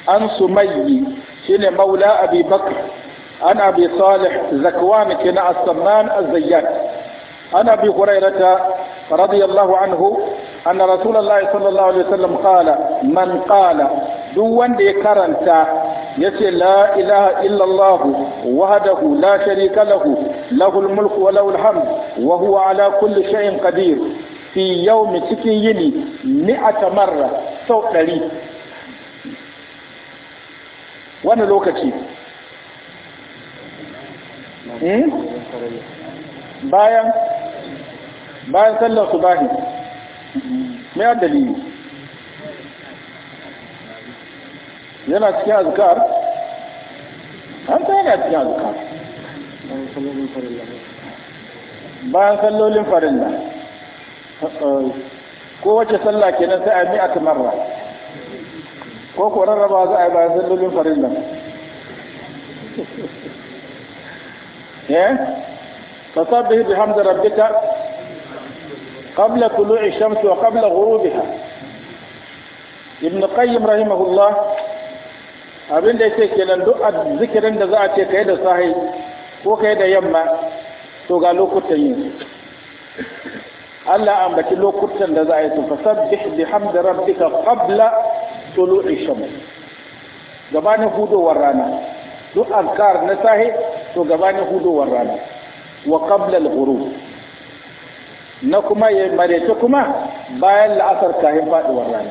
عن سمي شين مولى أبي بكر عن أبي صالح زكوان كنع السمان الزيات عن أبي هريرة رضي الله عنه anna rasulullahi sallallahu alaihi wasallam qala man qala duk wanda ya karanta yace la ilaha illallah wahdahu la sharika lahu lahul mulku wa lahul wa ala kulli shay'in qadir fi yawmi cikin yini mi'ata marra sau ɗari wani lokaci hmm? bayan bayan sallar subahi me dalili yana cikin azkar an ta yana cikin azkar bayan sallolin farilla ko wace sallah kenan sai a yi mi'at marra ko ko raba za a yi bayan sallolin farilla eh fasabbih bihamdi rabbika قبل طلوع الشمس وقبل غروبها ibn qayyim rahimahullah abin da yake kenan duk zikirin da za a ce kai da sahi ko kai da yamma to ga lokutan yin Allah ambaci lokutan da za a yi su fasabbih bihamdi rabbika qabla tulu'i shams gabanin hudowar rana duk azkar na sahi to gabanin hudowar rana wa qabla al-ghurub na kuma ya marece kuma bayan la'asar kayan faɗuwar rana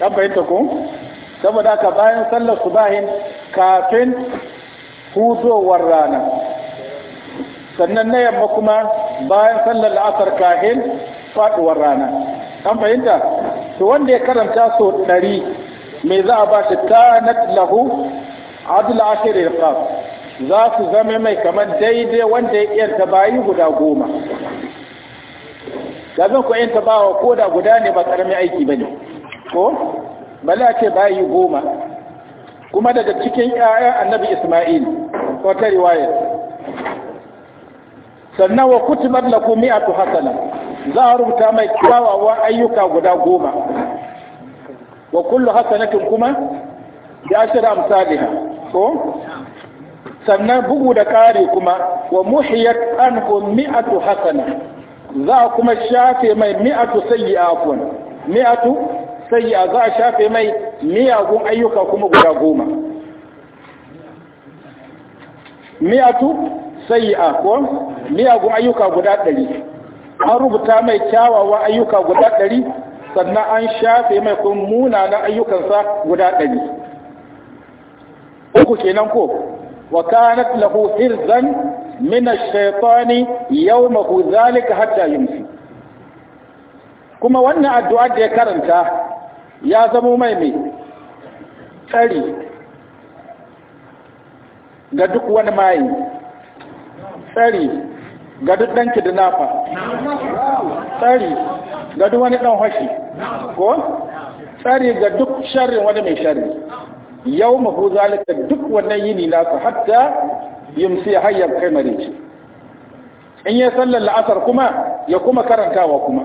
ɗan fahimta ku saboda haka bayan sallar subahin kafin hudowar rana sannan na yamma kuma bayan sallar la'asar kahin faduwar rana an fahimta to wanda ya karanta so ɗari mai za a ba shi na lahu adul ashir irqab za su zama mai kamar daidai wanda ya iyanta bayi guda goma gazan ku yin tabawa ko da guda ne ba karamin aiki ba ne ko bala ce bayi goma kuma daga cikin ƴaƴan annabi isma'il wata riwayar sannan wa kutibar laku mi'atu hasana za a rubuta mai kyawawa ayyuka guda goma wa kullu hasanatin kuma ya shira amsaliha ko sannan bugu da ƙari kuma wa muhiyat anhu mi'atu hasana za a kuma shafe mai mi'atu afon mi'atu a za a shafe mai miyagun ayyuka kuma guda goma mi'atu sayyi'a afon miyagun ayyuka guda ɗari an rubuta mai kyawawan ayyuka guda ɗari sannan an shafe mai kuma na ayyukansa guda ɗari uku kenan ko wa kanat lahu hirzan min ash-shaytani yawmahu zalika hatta yumsi kuma wannan addu'a da ya karanta ya zamo mai mai tsari ga duk wani mayi tsari ga duk ɗan kidnapper tsari ga duk wani ɗan hashi ko tsari ga duk sharrin wani mai sharri yau mahu zalika duk wannan yini nasu hatta Yimsi ya ya kai marici in ya sallar la'asar kuma ya kuma karantawa kuma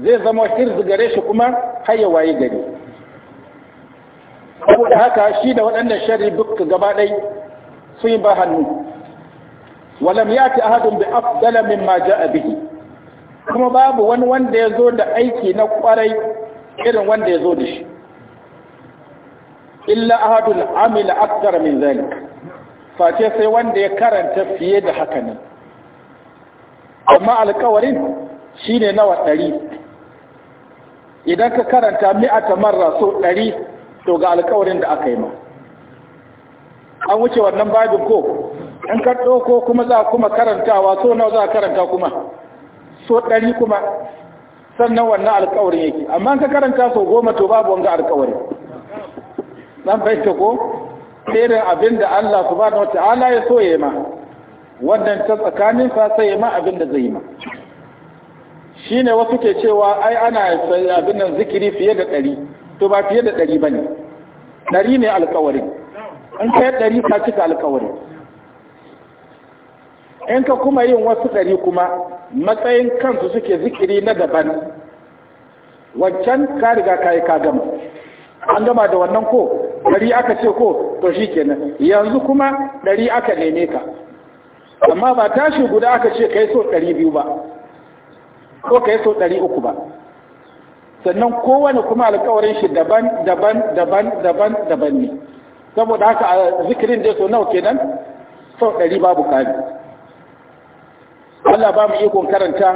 zai zama hirz gare shi kuma hayyawa ya gari saboda haka shi da waɗannan shari duk gaba ɗai sun yi ba hannu walam ya ci ahadun bi afdala mimma ja'a bihi kuma babu wani wanda ya zo da aiki na kwarai irin wanda ya zo da shi illa ahadun amila akthar min zalik face sai wanda ya karanta fiye da haka ne amma alkawarin shi ne nawa ɗari idan ka karanta mi'ata marra so ɗari to ga alkawarin da aka yi ma an wuce wannan babin ko an ka ko kuma za kuma karantawa so nawa za karanta kuma so ɗari kuma sannan wannan alkawarin yake amma in ka karanta so goma to babu wanga alkawarin nan bai ko irin abin da Allah su ba wata ala ya so ya yi ma wannan ta tsakanin sa sai ya ma abin da zai ma Shi ne wasu ke cewa ai ana abin nan zikiri fiye da ɗari to ba fiye da ɗari ba ne, ɗari ne alkawarin in ka yi ɗari ka cika alkawarin in ka kuma yin wasu ɗari kuma matsayin kansu suke zikiri na daban wancan ka riga ka yi ka gama an gama da wannan ko ɗari aka ce ko to shi kenan yanzu kuma ɗari aka neme ka amma ba tashi guda aka ce ka yi so ɗari biyu ba ko ka yi so ɗari uku ba sannan kowane kuma alkawarin shi daban daban daban daban daban ne saboda haka a zikirin da so nawa kenan sau ɗari babu kari Allah ba mu ikon karanta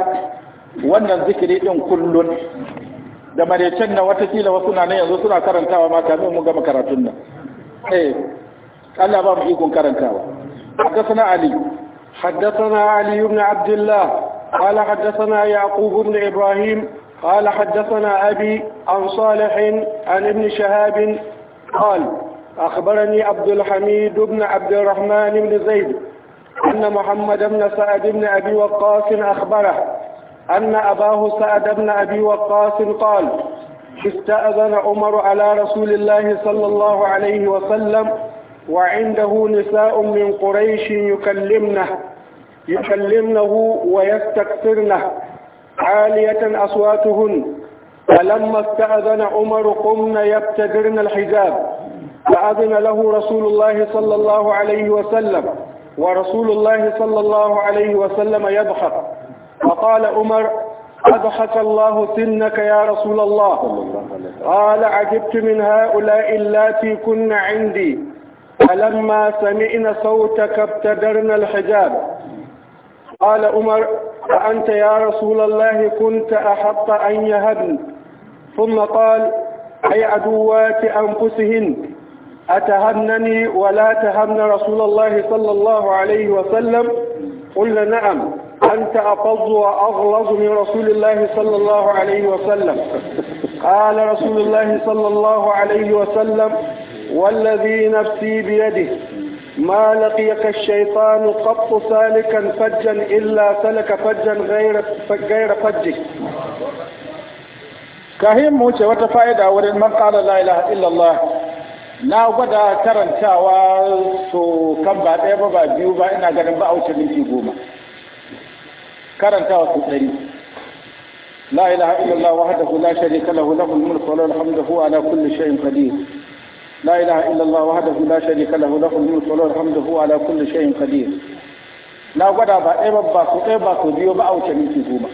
wannan zikiri ɗin kullun da marecen nan watakila wasu na nan yanzu suna karantawa ma kamin mun gama karatun nan eh Allah ba mu ikon karantawa حدثنا علي حدثنا علي بن عبد الله قال حدثنا يعقوب بن إبراهيم قال حدثنا أبي عن صالح عن ابن شهاب قال أخبرني عبد الحميد بن عبد الرحمن بن زيد أن محمد بن سعد بن أبي وقاص أخبره أن أباه سعد بن أبي وقاص قال استأذن عمر على رسول الله صلى الله عليه وسلم وعنده نساء من قريش يكلمنه يكلمنه ويستكثرنه عالية أصواتهن فلما استأذن عمر قمن يبتدرن الحجاب فأذن له رسول الله صلى الله عليه وسلم ورسول الله صلى الله عليه وسلم يضحك فقال عمر أضحك الله سنك يا رسول الله قال عجبت من هؤلاء اللاتي كن عندي فلما سمعنا صوتك ابتدرنا الحجاب قال عمر أنت يا رسول الله كنت أحق أن يهبن ثم قال أي عدوات أنفسهن أتهمنني ولا تهمن رسول الله صلى الله عليه وسلم قلنا نعم أنت أفض وأغلظ من رسول الله صلى الله عليه وسلم قال رسول الله صلى الله عليه وسلم والذي نفسي بيده ما لقيك الشيطان قط سالكا فجا إلا سلك فجا غير غير فجك كهيم موشة وتفايدة wata من قال لا إله إلا الله لا na gwada karantawa to kan ba ɗaya ba ba biyu ba ina ganin ba karantawa su ɗari la ilaha illallah wahdahu la sharika lahu lahul mulku wa lahul hamdu huwa ala kulli shay'in qadir لا إله إلا الله وحده لا شريك له له الملك وله الحمد هو على كل شيء قدير na gwada ba ɗaya ba su ba biyo ba a wuce goma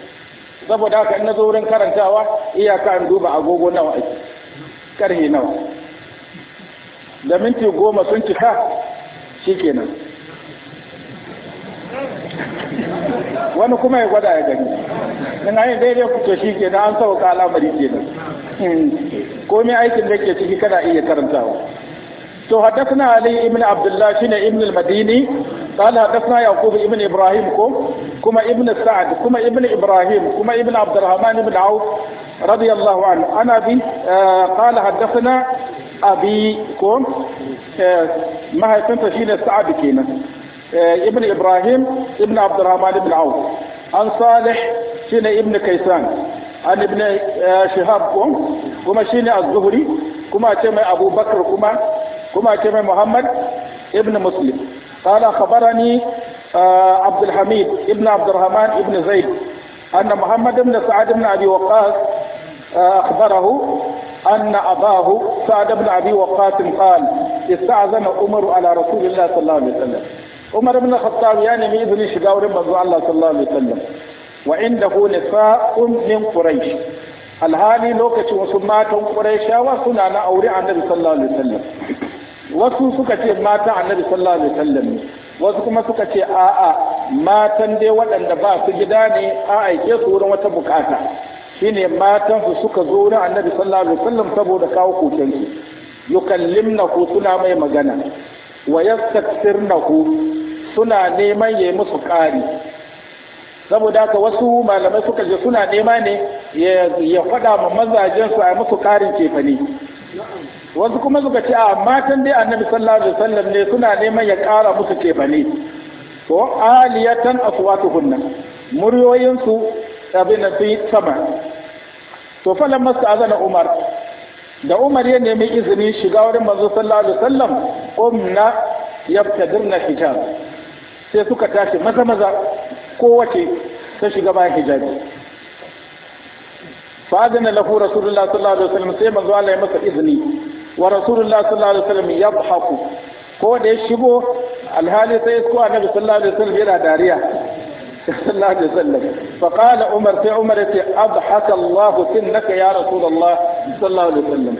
saboda haka in na zo wurin karantawa iyaka in duba agogo nawa ake karhe nawa da minti goma sun cika shikenan wani kuma ya gwada ya gani in hanyar daidai kuke shi ke an sauka al'amari ke nan hmm. komai aikin da ke ciki kana iya karantawa to haddasna ali ibn abdullah shine ibn al-madini قال حدثنا يعقوب ابن ابراهيم كما ابن سعد كما ابن ابراهيم كما ابن عبد الرحمن بن عوف رضي الله عنه انا ابي قال حدثنا ابي كم ما هي سعد كينا آه، ابن إبراهيم ابن عبد الرحمن بن عوف عن صالح شين ابن كيسان عن ابن آه، شهاب كما شين الزهري كما كما أبو بكر كما كما كما محمد ابن مسلم قال خبرني آه، عبد الحميد ابن عبد الرحمن ابن زيد أن محمد بن سعد بن أبي وقاص أخبره أن أباه سعد بن أبي وقاص قال استعزم عمر على رسول الله صلى الله عليه وسلم umar ibn khattab ya nemi izinin shiga wurin manzo Allah sallallahu alaihi wasallam wa indahu nisa'un min quraish alhali lokacin wasu matan quraishawa suna na aure annabi sallallahu alaihi wasallam wasu suka ce matan annabi sallallahu alaihi wasallam wasu kuma suka ce a'a matan dai waɗanda ba su gida ne a aike su wurin wata bukata shine matan su suka zo wurin annabi sallallahu alaihi wasallam saboda kawo kokensu yukallimna ko suna mai magana wa ku? suna neman yayi musu ƙari saboda ka wasu malamai suka je suna nema ne ya faɗa ma mazajen su a musu ƙarin kefani wasu kuma suka ce a matan dai annabi sallallahu alaihi wasallam ne suna neman ya ƙara musu kefani ko aliyatan aswatuhunna muryoyinsu abin da sama to falan masu azana umar da Umar ya nemi izini shiga wurin manzo sallallahu alaihi wasallam umna yabtadirna hijab sai suka tashi maza maza wace ta shiga bayan hijabi fa'adana lahu rasulullah sallallahu alaihi wasallam sai manzo Allah ya masa izini wa rasulullah sallallahu alaihi wasallam yadhaku ko da ya shigo alhali sai ya ko annabi sallallahu alaihi wasallam yana dariya sallallahu alaihi wasallam فقال عمر في عمر أضحك الله سنك يا رسول الله صلى الله عليه وسلم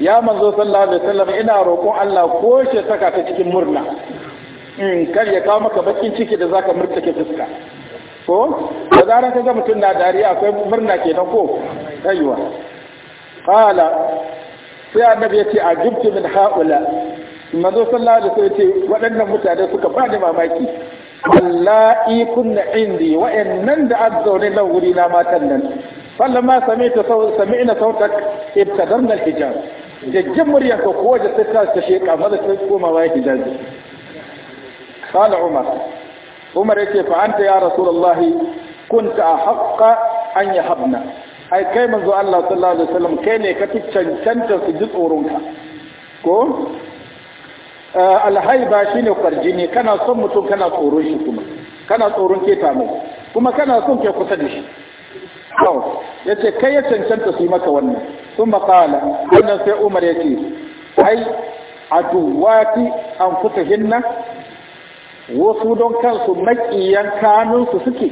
يا من صلى الله عليه وسلم إنا روكو الله كوش سكا تشكي مرنا in kar ya kawo maka bakin ciki da zaka murtake fuska ko da zaran ka ga mutum na dariya akwai murna kenan ko aiwa qala sai annabi yace ajibtu min haula manzo sallallahu alaihi wasallam yace waɗannan mutane suka ba da mamaki kun kunna indi wa'in nan da an zaune nan wuri na matan nan sallama sami ta sami ina sautak ibtadar na hijab jajjin murya ko kowa da ta ta sheka maza ta koma wa hijab sala umar umar yake fa anta ya rasulullah kunta haqqa an yahabna ai kai manzo Allah sallallahu alaihi kai ne ka ci cancanta su ji tsoronka ko Eh, alhaiba shi kwarji kwarjini kana son mutum kana tsoron shi kuma kana tsoron keta mai kuma kana son ke kusa da shi kawo ya ce kai ya cancanta su yi maka wannan sun makawala wannan sai umar ya ce ai a duwati an kusa hinna wasu don kansu maƙiyan kanunsu suke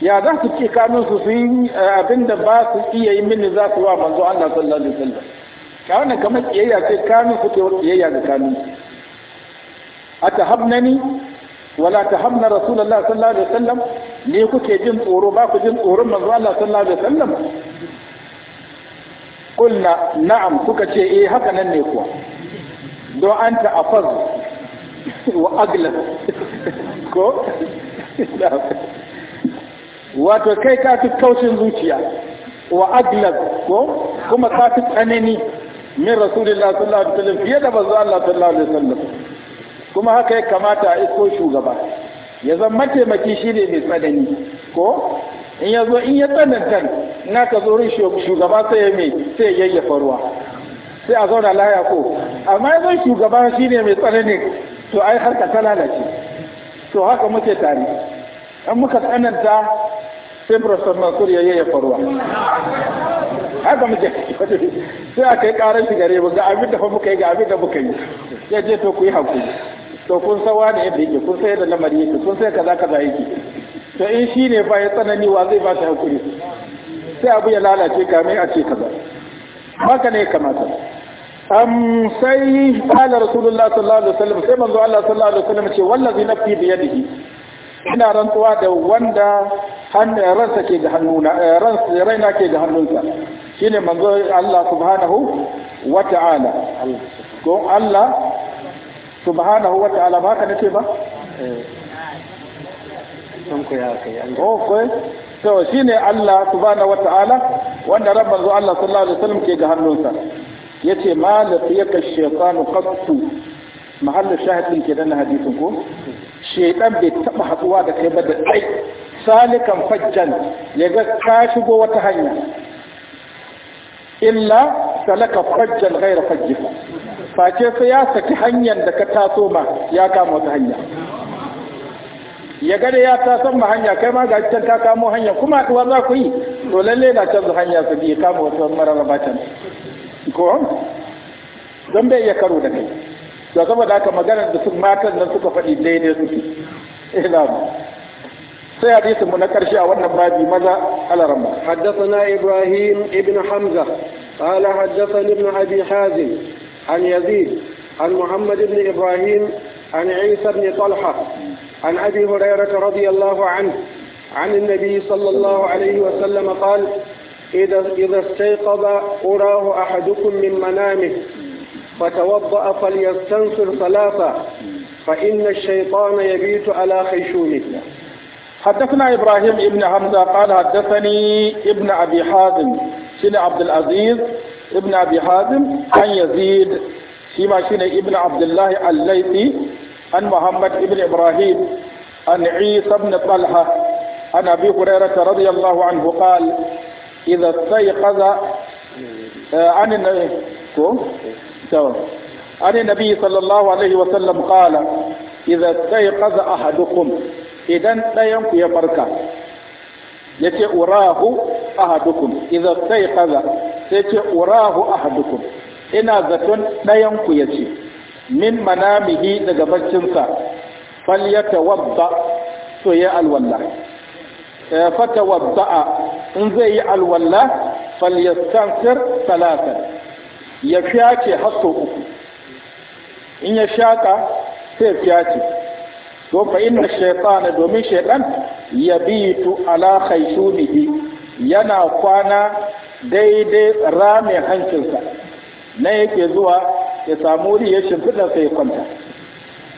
ya za su ce kanunsu su yi eh, abin da ba su iya yi mini za su wa manzo Allah sallallahu alaihi wasallam ka wannan kamar kiyayya ce kanu suke wata kiyayya ga kanu ni wala tahabna rasulullah sallallahu alaihi wasallam ne kuke jin tsoro ba ku jin tsoron manzo Allah sallallahu alaihi wasallam kulna na'am kuka ce eh haka nan ne kuwa don an ta afaz wa aglas ko wato kai ka fi kaushin zuciya wa aglas ko kuma ka fi tsanani min rasulillah sallallahu alaihi wasallam fiye da manzo Allah sallallahu alaihi wasallam kuma haka ya kamata a isko shugaba ya zan mataimaki shine mai tsanani ko in ya zo in ya tsananta in aka zo rin shugaba sai ya mai sai ya yayyafa ruwa sai a zauna laya ko amma ya zo shugaba shine mai tsanani to ai harka ta lalace to haka muke tare an muka tsananta sai Professor Mansur ya yayyafa ruwa haka muke sai a kai karar shi ba ga abin da fa muka yi ga abin da muka yi sai je to ku yi hakuri to kun san wani yadda yake kun san yadda lamari yake kun san kaza kaza yake to in shi ne fa ya tsanani wa zai ba ta hakuri sai abu ya lalace ka mai a ce kaza haka ne kamata am sai qala rasulullah sallallahu alaihi wasallam sai manzo Allah sallallahu alaihi wasallam ce wallazi nafsi bi yadihi ina rantsuwa da wanda ransa ke ga hannuna eh, ransa raina ke ga hannunsa shine manzo Allah subhanahu wa ta'ala ko Allah subhanahu wa ta'ala ba ka nace ba sun eh, ku ya kai an ko ko to shine Allah subhanahu wa ta'ala wanda rabban zo Allah sallallahu alaihi wasallam ke ga hannunsa yace ma la yaka shaytanu qattu mahallu shahid ke dan hadisin ko shaytan bai taba haduwa da kai ba da ai salikan fajjan yaga ka shigo wata hanya illa salaka fajjal ghayra fajjika face sai ya saki hanyar da ka taso ma ya kama wata hanya ya gada ya tasan ma hanya kai ma ga can ka kamo hanya kuma duwa za ku yi to lalle na canza hanya su biye kama wata mararraba can ko don bai ya karo da kai da saboda haka maganar da sun matan nan suka faɗi daidai suke ina eh, سي حديث mu na karshe a wannan babi maza alaramma haddathana ibrahim ibn قال حدثني ابن أبي حازم عن يزيد عن محمد بن إبراهيم عن عيسى بن طلحة عن أبي هريرة رضي الله عنه عن النبي صلى الله عليه وسلم قال إذا, إذا استيقظ أراه أحدكم من منامه فتوضأ فليستنصر ثلاثة فإن الشيطان يبيت على خيشومه حدثنا إبراهيم ابن حمزة قال حدثني ابن أبي حازم شين عبد العزيز ابن أبي حازم عن يزيد فيما شين ابن عبد الله الليثي عن محمد ابن إبراهيم عن عيسى بن طلحة عن أبي هريرة رضي الله عنه قال إذا استيقظ آه، عن النبي صلى الله عليه وسلم قال إذا استيقظ أحدكم idan ɗayanku ya farka ya ce urahu ahadukum idan sai kaza sai ce urahu ahadukum ina zaton ɗayanku ya ce min manamihi daga baccinsa falyata wabba to ya alwalla eh, fata wabba'a in zai yi alwalla falyastansir talatan ya fiyace har uku in ya shaƙa sai fiyace to fa inna shaytana domin shaytan yabitu ala khayshunihi yana kwana daidai rame hancinsa na yake zuwa ya samu wuri ya shimfiɗa sai kwanta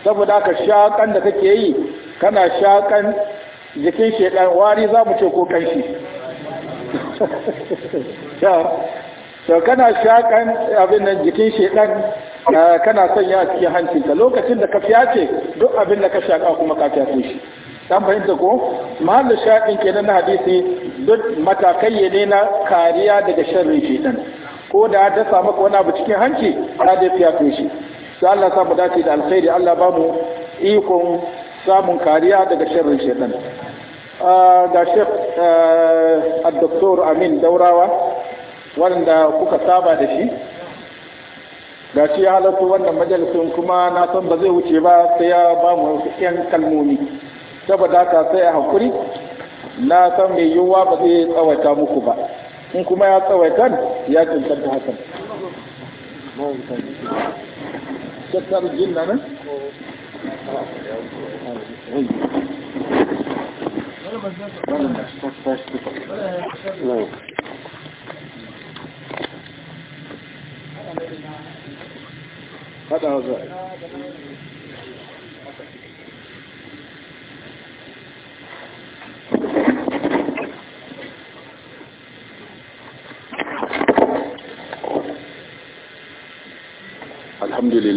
saboda ka shakan da kake yi kana shakan jikin shaidan wari za mu ce ko kanshi to kana shakan abin nan jikin shaidan Eh, kana son a cikin hancinka lokacin da ka fiyace duk abin da ka shaƙa kuma ka fyace shi ɗan fahimta ko mahallin shaɗin kenan na hadisi duk matakai ne na kariya daga sharrin ɗan ko da ta samu wani abu cikin hanci ka je fyace shi su Allah samu dace da alkhairi Allah ba mu ikon samun kariya daga sharrin ɗan eh, ga shef eh, a doktor amin daurawa wanda kuka saba da shi ga shi ya halatto wannan majalisun kuma na san ba zai wuce ba sai ya ba mu yan kalmomi saboda haka sai a hakuri na san mai yiwuwa ba zai tsawaita muku ba in kuma ya tsawaita ya da hakan tattar jin eh?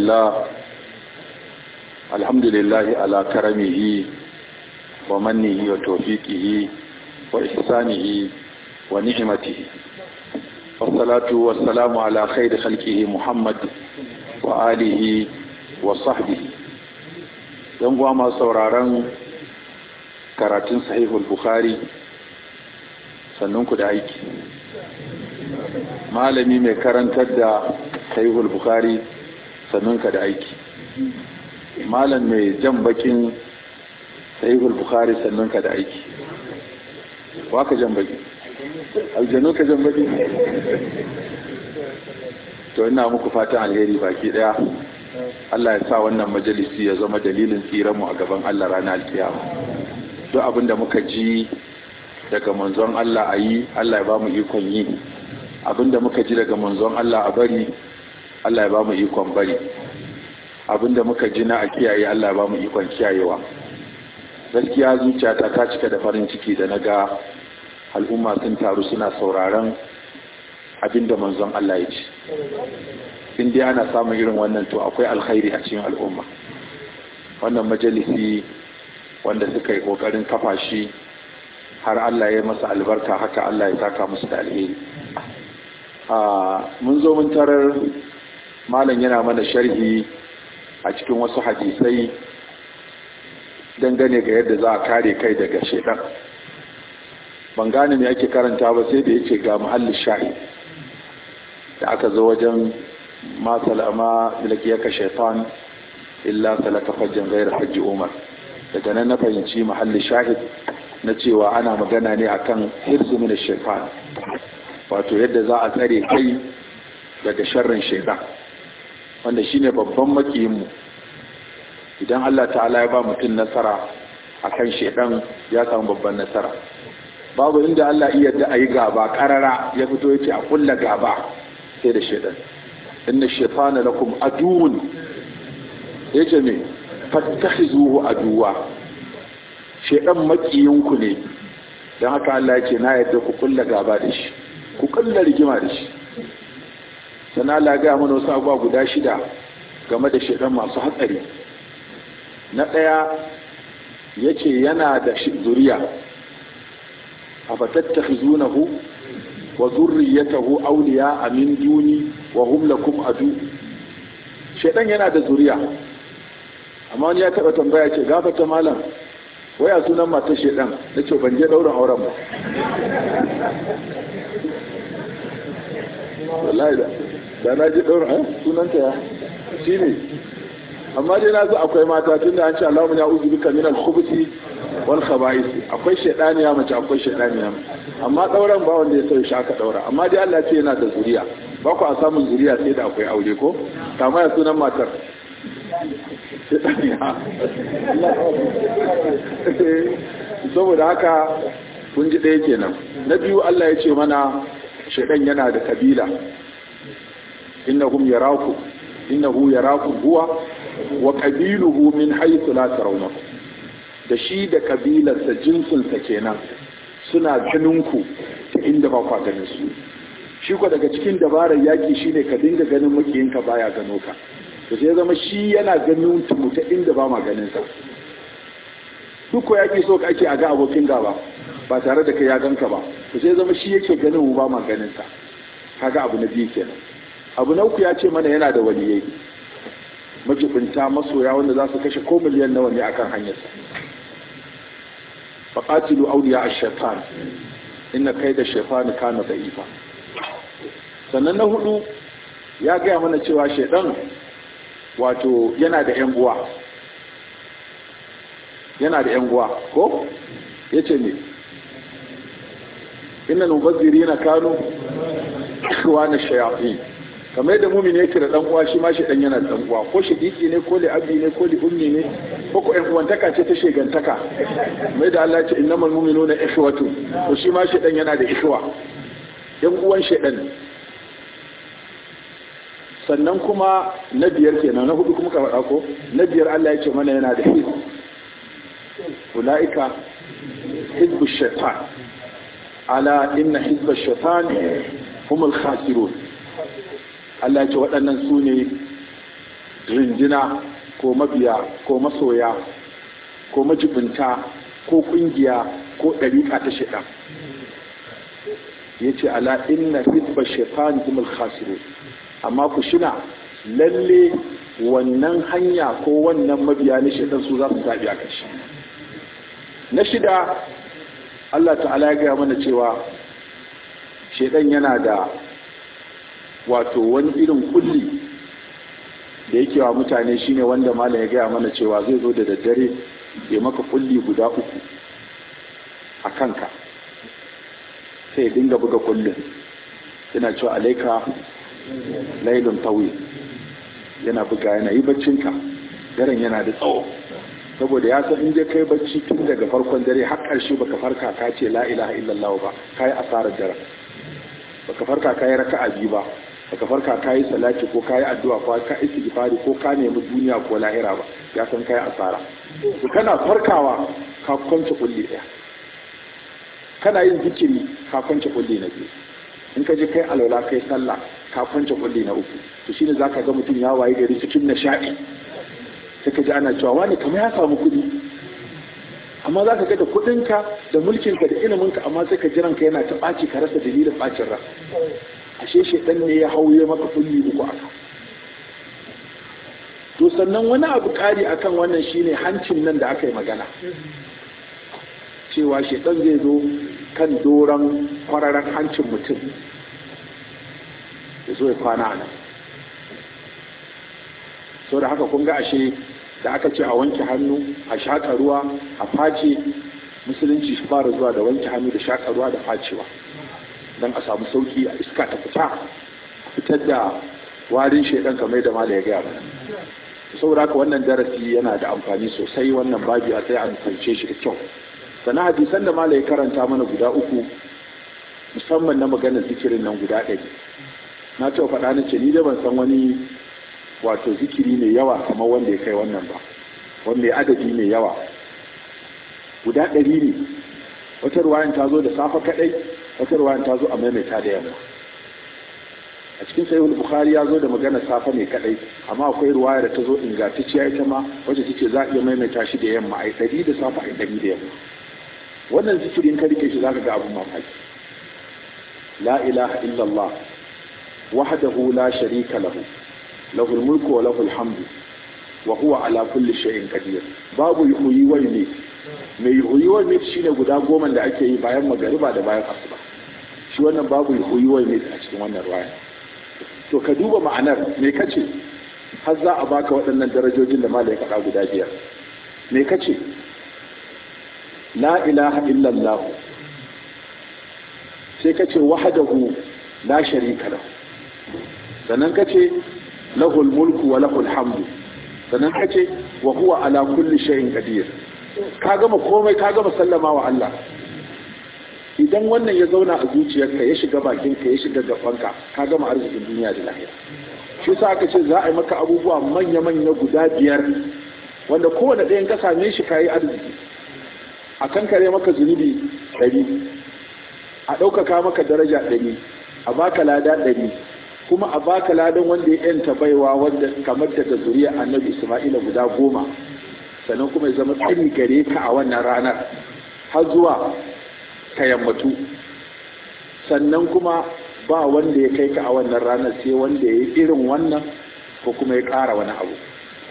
لله الحمد لله على كرمه ومنه وتوفيقه وإحسانه ونعمته والصلاة والسلام على خير خلقه محمد وآله وصحبه ينقوى ما سورارا كراتين صحيح البخاري سننكو دعيك malami mai karantar da sahihul bukhari sannan ka da aiki malam mai jan bakin sahihul bukhari sannan ka da aiki wa ka jan baki aljanu ka jan baki to ina muku fatan alheri baki daya Allah ya sa wannan majalisi ya zama dalilin tsiranmu a gaban Allah ranar alkiyama duk abin da muka ji daga manzon Allah a yi Allah ya ba mu ikon yi abin da muka ji daga manzon Allah a bari Allah ya ba mu ikon bari abinda muka ji na a kiyaye Allah ya ba mu ikon kiyayewa gaskiya zuciyata ta cika da farin ciki da na ga al'umma sun taru suna sauraron abinda manzon Allah ya ce in ana samun irin wannan to akwai alkhairi a cikin al'umma wannan majalisi wanda suka yi kokarin kafa shi har Allah ya masa albarka haka Allah ya saka musu da alheri ah, mun zo mun tarar malam yana mana sharhi a cikin wasu hadisai dangane ga yadda za a kare kai daga shekar ban gane me ake karanta ba sai da yake ga muhalli sha'i da aka zo wajen ma salama yaka shaitan illa talaka fajjan gairar hajji umar daga nan na fahimci muhalli shahid na cewa ana magana ne akan hirsu mini shaitan wato yadda za a tsare kai daga sharrin shaitan wanda ne babban makiyinmu idan Allah ta'ala ya ba mutum nasara a kan shekan ya samu babban nasara babu inda Allah iya da yi gaba karara ya fito yake a kulla gaba sai da inda shedan na shaytana ya ce ne me zuhu aduwa shekan makiyinku ne don haka Allah yake na yadda ku kulla gaba da shi ku kulla rigima da shi sana Allah ga mana wasu abuwa guda shida game da shaidan masu hatsari na ɗaya ce yana da zuriya zunahu, wa zurriyatahu awliya min duni wa hum lakum adu shaidan yana da zuriya amma wani ya taba tambaya ce ta malam waya sunan matar shaidan na ce ban je ɗaurin auren ba wallahi da na ji ɗaura eh sunanta ya shi ne amma dai na zo akwai mata tun da an ce Allahumma ya uzu bika min al-khubuthi wal khaba'is akwai shaydaniya mace akwai shaydaniya amma dauran ba wanda ya sai aka daura amma dai Allah ce yana da zuriya ba ku a samun zuriya sai da akwai aure ko Kamar ya sunan matar saboda haka kun ji ɗaya kenan na biyu Allah ya ce mana shaidan yana da kabila innahum yarakum innahu yarakum huwa wa qabiluhu min haythu la tarawnakum da shi da kabilarsa jinsinsa kenan suna ganin ta inda ba kwa ganin su shi ko daga cikin dabarar yaki shine ka dinga ganin makiyinka baya gano ka to sai zama shi yana ganin mu ta inda ba ma ganin sa duk ko yaki so ka ake a ga abokin gaba ba tare da kai ya ganka ba to sai zama shi yake ganin mu ba ma ganin sa kaga abu na biyu kenan abu na uku ya ce mana yana da waliyai majibinta masoya wanda za su kashe ko miliyan nawa ne akan hanyar faƙatilu auliya a shaitan ina kai da shaitani kana da ifa sannan na hudu ya gaya mana cewa shaitan wato yana da yan guwa yana da yan uwa ko ya ce ne inna na Kano wa na shayatin kamar yadda mumin yake da dan uwa shi ma shi dan yana da dan uwa ko shidiki ne ko li'abi ne ko li'ummi ne ko ko ɗan uwantaka ce ta shegantaka mai da Allah ce innamal mu'minuna ikhwatu ko shi ma shi dan yana da ikhwa ɗan uwan shedan sannan kuma na biyar kenan na hudu kuma ka faɗa ko na biyar Allah ya ce mana yana da hizb ulaika hizbu shaitan ala inna hizba shaitan humul khasirun Allah ce waɗannan su ne rinjina ko mabiya ko masoya ko majibinta ko ƙungiya ko ɗariƙa ta shaɗa ya ce ala inna hizba shaitan humul khasirun amma ku shina lalle wannan hanya ko wannan mabiya na shaitan su za su zaɓi a ƙarshe na shida Allah ta'ala ya gaya mana cewa shaidan yana da wato wani irin kulli da yake wa mutane shine wanda malam ya gaya mana cewa zai zo da daddare ya maka kulli guda uku a kanka sai dinga buga kullum yana cewa alaika lailun tawil yana buga yana yi baccinka daren yana da tsawo saboda ya san inda kai bacci tun daga farkon dare har ƙarshe baka farka ka ce la ilaha illallah ba kai asarar daren baka farka kai raka'a biyu ba Daga farka ka yi salati ko ka yi addu'a ko ka istighfari ko ka nemi duniya ko lahira ba ya san kai asara to kana farkawa ka kwance kulli daya kana yin zikiri ka kwance kulli na biyu in ka je kai alwala kai sallah ka kwance kulli na uku to shine zaka ga mutum ya waye gari cikin nishadi sai ka ji ana cewa wani kamar ya samu kuɗi amma za ka ga da kuɗinka da mulkinka da iliminka amma sai ka jiranka yana ta ɓaci ka rasa dalilin ɓacin ra ashe shaitan ne ya hauye maka kulli uku aka to sannan wani abu kari akan wannan shine hancin nan da aka yi magana cewa shaitan zai zo kan doron kwararren hancin mutum ya zo ya kwana nan so da haka kun ga ashe da aka ce a wanke hannu a shaƙa ruwa a face musulunci shi fara zuwa da wanke hannu da shaƙa ruwa da facewa don a samu sauki a iska ta fita fitar da warin shaidan kamar da mala ya gaya mana saboda haka wannan darasi yana da amfani sosai wannan babi a tsaye an fahimce shi da kyau sana hadisan da mala ya karanta mana guda uku musamman na maganar zikirin nan guda ɗari na cewa faɗa na ce ni da ban san wani wato zikiri mai yawa kamar wanda ya kai wannan ba wanda ya adadi mai yawa guda ɗari ne wata ruwayan ta zo da safe kaɗai wata ruwa ta zo a maimaita da yamma a cikin sahihul bukhari ya zo da magana safa ne kadai amma akwai ruwaya da ta zo ingantacciya ita ma wacce take za a iya maimaita shi da yamma yi ɗari da safa ai dari da yamma wannan zikirin ka rike shi zaka ga abun mamaki la ilaha illallah wahdahu la sharika lahu lahul mulku wa lahul hamdu wa huwa ala kulli shay'in qadir babu yuhyi wa yumiitu mai huyuwar mit shine guda goma da ake yi bayan magariba da bayan asuba shi wannan babu huyuwar mit a cikin wannan ruwaya to ka duba ma'anar me kace har za a baka waɗannan darajojin da malai kaɗa guda biyar me kace la ilaha illallah sai kace wahdahu la sharika lahu sannan kace lahul mulku wa lahul hamdu sannan kace wa huwa ala kulli shay'in qadir ka gama komai ka gama sallama wa Allah idan wannan ya zauna a zuciyarka ya shiga bakinka ya shiga gabanka ka gama arzikin duniya da lahira shi sa aka ce za a yi maka abubuwa manya-manya guda biyar wanda kowane ɗayan ka same shi ka yi arziki a kare maka zunubi ɗari a ɗaukaka maka daraja ɗari a baka lada ɗari kuma a baka ladan wanda ya yanta baiwa wanda kamar daga zuriya annabi isma'ila guda goma sannan kuma ya zama tsari gare ka a wannan ranar har zuwa ka yammatu sannan kuma ba wanda ya kai ka a wannan ranar sai wanda ya yi irin wannan ko kuma ya ƙara wani abu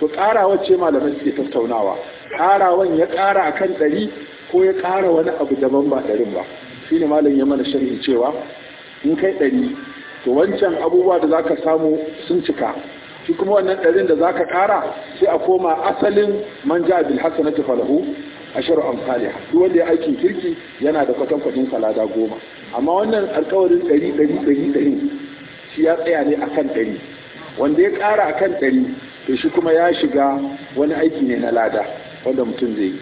ko ƙarawa ce malamai suke tattaunawa ƙarawan ya ƙara a kan ɗari ko ya ƙara wani abu daban ba ɗarin ba shi ne malam ya mana sharhi cewa in kai ɗari to wancan abubuwa da za ka samu sun cika shi kuma wannan ɗarin da za ka ƙara sai a koma asalin man ja na hasanati a asharu amfani haɗu, wanda ya aikin kirki yana da kwatankwacin salada goma amma wannan alkawarin ɗari ɗari ɗari ɗari shi ya tsaya ne a kan ɗari wanda ya ƙara a kan ɗari to shi kuma ya shiga wani aiki ne na lada wanda mutum zai yi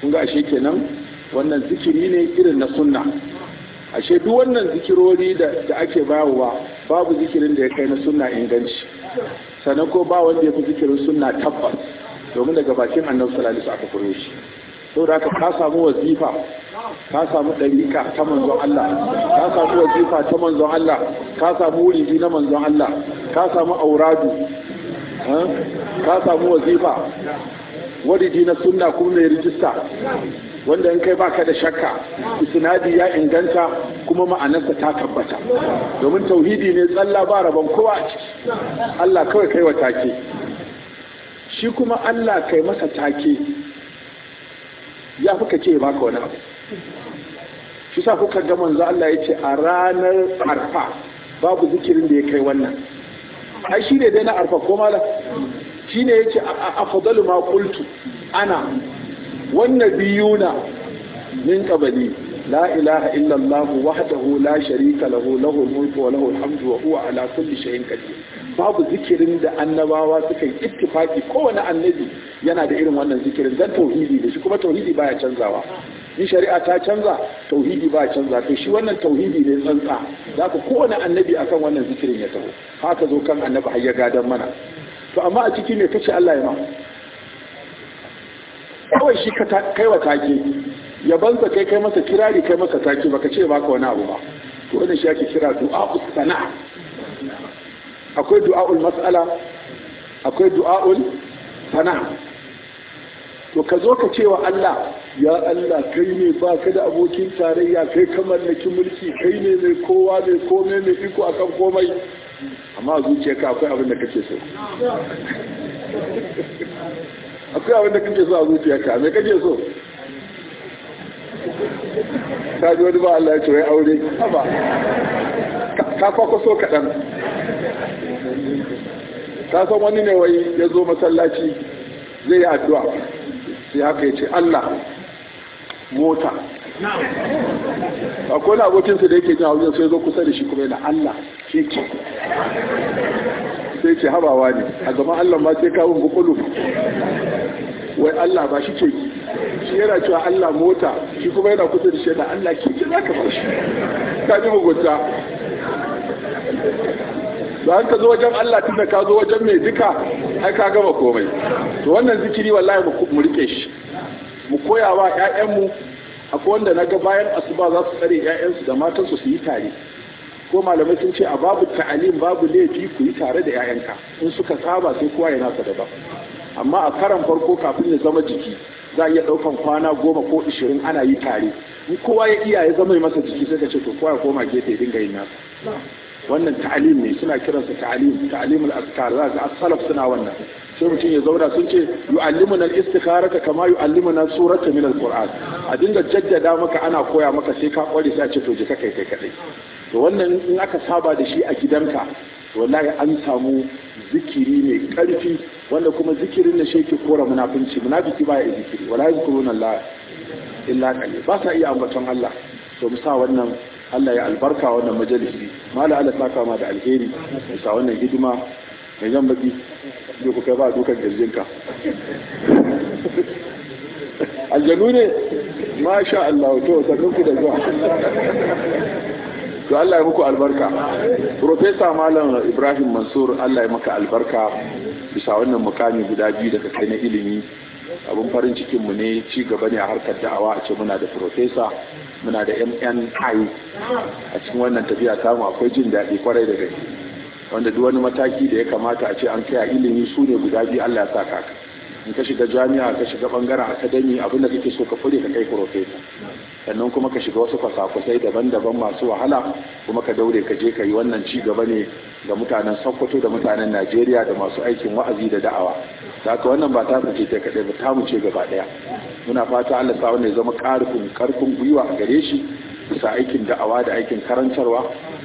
kun ga ashe kenan wannan zikiri ne irin na sunna ashe duk wannan zikirori da ake bayarwa babu zikirin da ya kai na sunna inganci sannan ko ba wanda ya fi zikirin suna tabbas domin daga bakin annabi sallallahu alaihi aka kuro shi saboda haka ka samu wazifa ka samu dariƙa ta manzon Allah ka samu wazifa ta manzon Allah ka samu wurin na manzon Allah ka samu auradu eh, ka samu wazifa wuridi na sunna kuma mai rijista wanda in kai baka da shakka isnadi ya inganta kuma ma'anarsa ta tabbata domin tauhidi ne tsalla ba rabon kowa Allah kawai kai wa take shi kuma Allah kai masa take ya fi ka ce baka wani abu shi sa kuka ga manzo Allah ya ce a ranar arfa babu zikirin da ya kai wannan ai shi ne dai na arfa ko mala shi ne ya ce a afdalu ma qultu ana wannan na min qabli la ilaha illa Allah wahdahu la sharika lahu lahul mulku wa lahul hamdu wa huwa ala kulli shay'in qadir babu zikirin da annabawa suka yi ittifaki kowane annabi yana da irin wannan zikirin dan tauhidi da shi kuma tauhidi baya canzawa in shari'a ta canza tauhidi ba canza to shi wannan tauhidi ne tsantsa zaka kowane annabi akan wannan zikirin ya taho haka zo kan annabi har ya gadan mana to amma a ciki ne kace Allah ya ma kawai shi kai wa take yabansa kai kai masa kirari kai masa take baka ce baka wani abu ba to wannan shi ake kira du'a'ul sana'a akwai du'a'ul mas'ala akwai du'a'ul sana'a to ka zo ka ce wa Allah ya Allah kai ne ba ka da abokin tarayya kai kamar mallaki mulki kai ne mai kowa mai komai mai iko akan komai amma zuciyarka akwai abin da kake so akwai abin da kake so a ka me kake so ta ji wani ba Allah ya ce wai aure haba ka kwakwa so kaɗan ka san wani ne wai ya zo masallaci zai yi addu'a sai haka ya ce Allah mota akwai na abokinsa da yake jin hausa sai zo kusa da shi kuma yana Allah shi ke sai ce habawa ne a gama Allah ma sai kawo gukulu wai Allah ba shi ce shi yana cewa Allah mota shi kuma yana kusa da shaida Allah ke ce za ka ba shi ta ji mugunta da an ka zo wajen Allah tun da ka zo wajen mai duka ai ka gama komai to wannan zikiri wallahi mu rike shi mu koyawa 'ya'yanmu akwai wanda na ga bayan asuba za su tsare 'ya'yansu da matansu su yi tare ko malamai sun ce a babu ta'alim babu laifi ku yi tare da 'ya'yanka in suka saba sai kowa ya nasa daban amma a karan farko kafin ya zama jiki za a iya ɗaukan kwana goma ko ishirin ana yi tare in kowa ya iya ya zama masa jiki sai ka ce to kowa ya koma gefe ya dinga yin nasa wannan ta'alim ne suna kiransa ta'alim ta'alimul azkar za ga as suna wannan sai mutum ya zauna sun ce yu'allimuna al-istikharata kama yu'allimuna surata min al-qur'an a dinga jaddada maka ana koya maka sai ka kware sai a ce to je kai kai kadai to wannan in aka saba da shi a gidanka wallahi an samu zikiri mai karfi wanda kuma zikirin da shi ke kora munafinci munafiki ba ya zikiri wala yazkuruna Allah illa qalil ba sa iya ambaton Allah to mu sa wannan Allah ya albarka wannan majalisi mala Allah saka ma da alheri mu wannan hidima mai yan baki zai ku ba dukan jirginka aljanu ne masha Allah to sannan ku da zuwa to Allah ya muku albarka Profesa Malam Ibrahim Mansur Allah ya maka albarka bisa wannan mukami guda biyu daga kai na ilimi abin farin cikin mu ne ci gaba ne a harkar da'awa a ce muna da profesa muna da MNI a cikin wannan tafiya tamu akwai jin daɗi kwarai da gaske wanda duk wani mataki da ya kamata a ce an kai a ilimi su ne guda biyu Allah ya sa ka in ka shiga jami'a ka shiga bangaren akademi abin da kake so ka fure ka kai profesa sannan kuma ka shiga wasu kwasa daban-daban masu wahala kuma ka daure ka je ka yi wannan ci gaba ne ga mutanen sokoto da mutanen najeriya da masu aikin wa'azi da da'awa da haka wannan ba ta ce ta kaɗai ba ta mu ce gaba ɗaya muna fata allah sa wannan ya zama ƙarfin ƙarfin gwiwa a gare shi bisa aikin da'awa da aikin karantarwa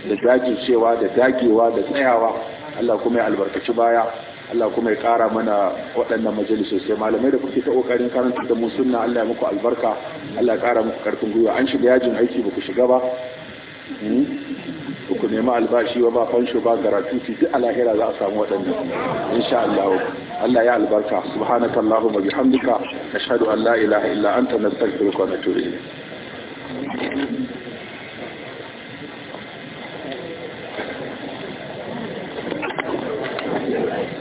da dajicewa da dagewa da tsayawa Allah kuma ya albarkaci baya Allah kuma ya kara mana waɗannan majalisosai sai malamai da kuke ta kokarin karanta da mu sunna Allah ya muku albarka Allah ya kara muku karfin gwiwa an shiga yajin aiki ba ku shiga ba hmm? ku nemi albashi ba ba fansho ba garatuti duk alahira za a samu waɗannan insha Allah Allah ya albarka subhanakallahumma bihamdika ashhadu an la ilaha illa anta nastaghfiruka wa natubu ilayk Thank you.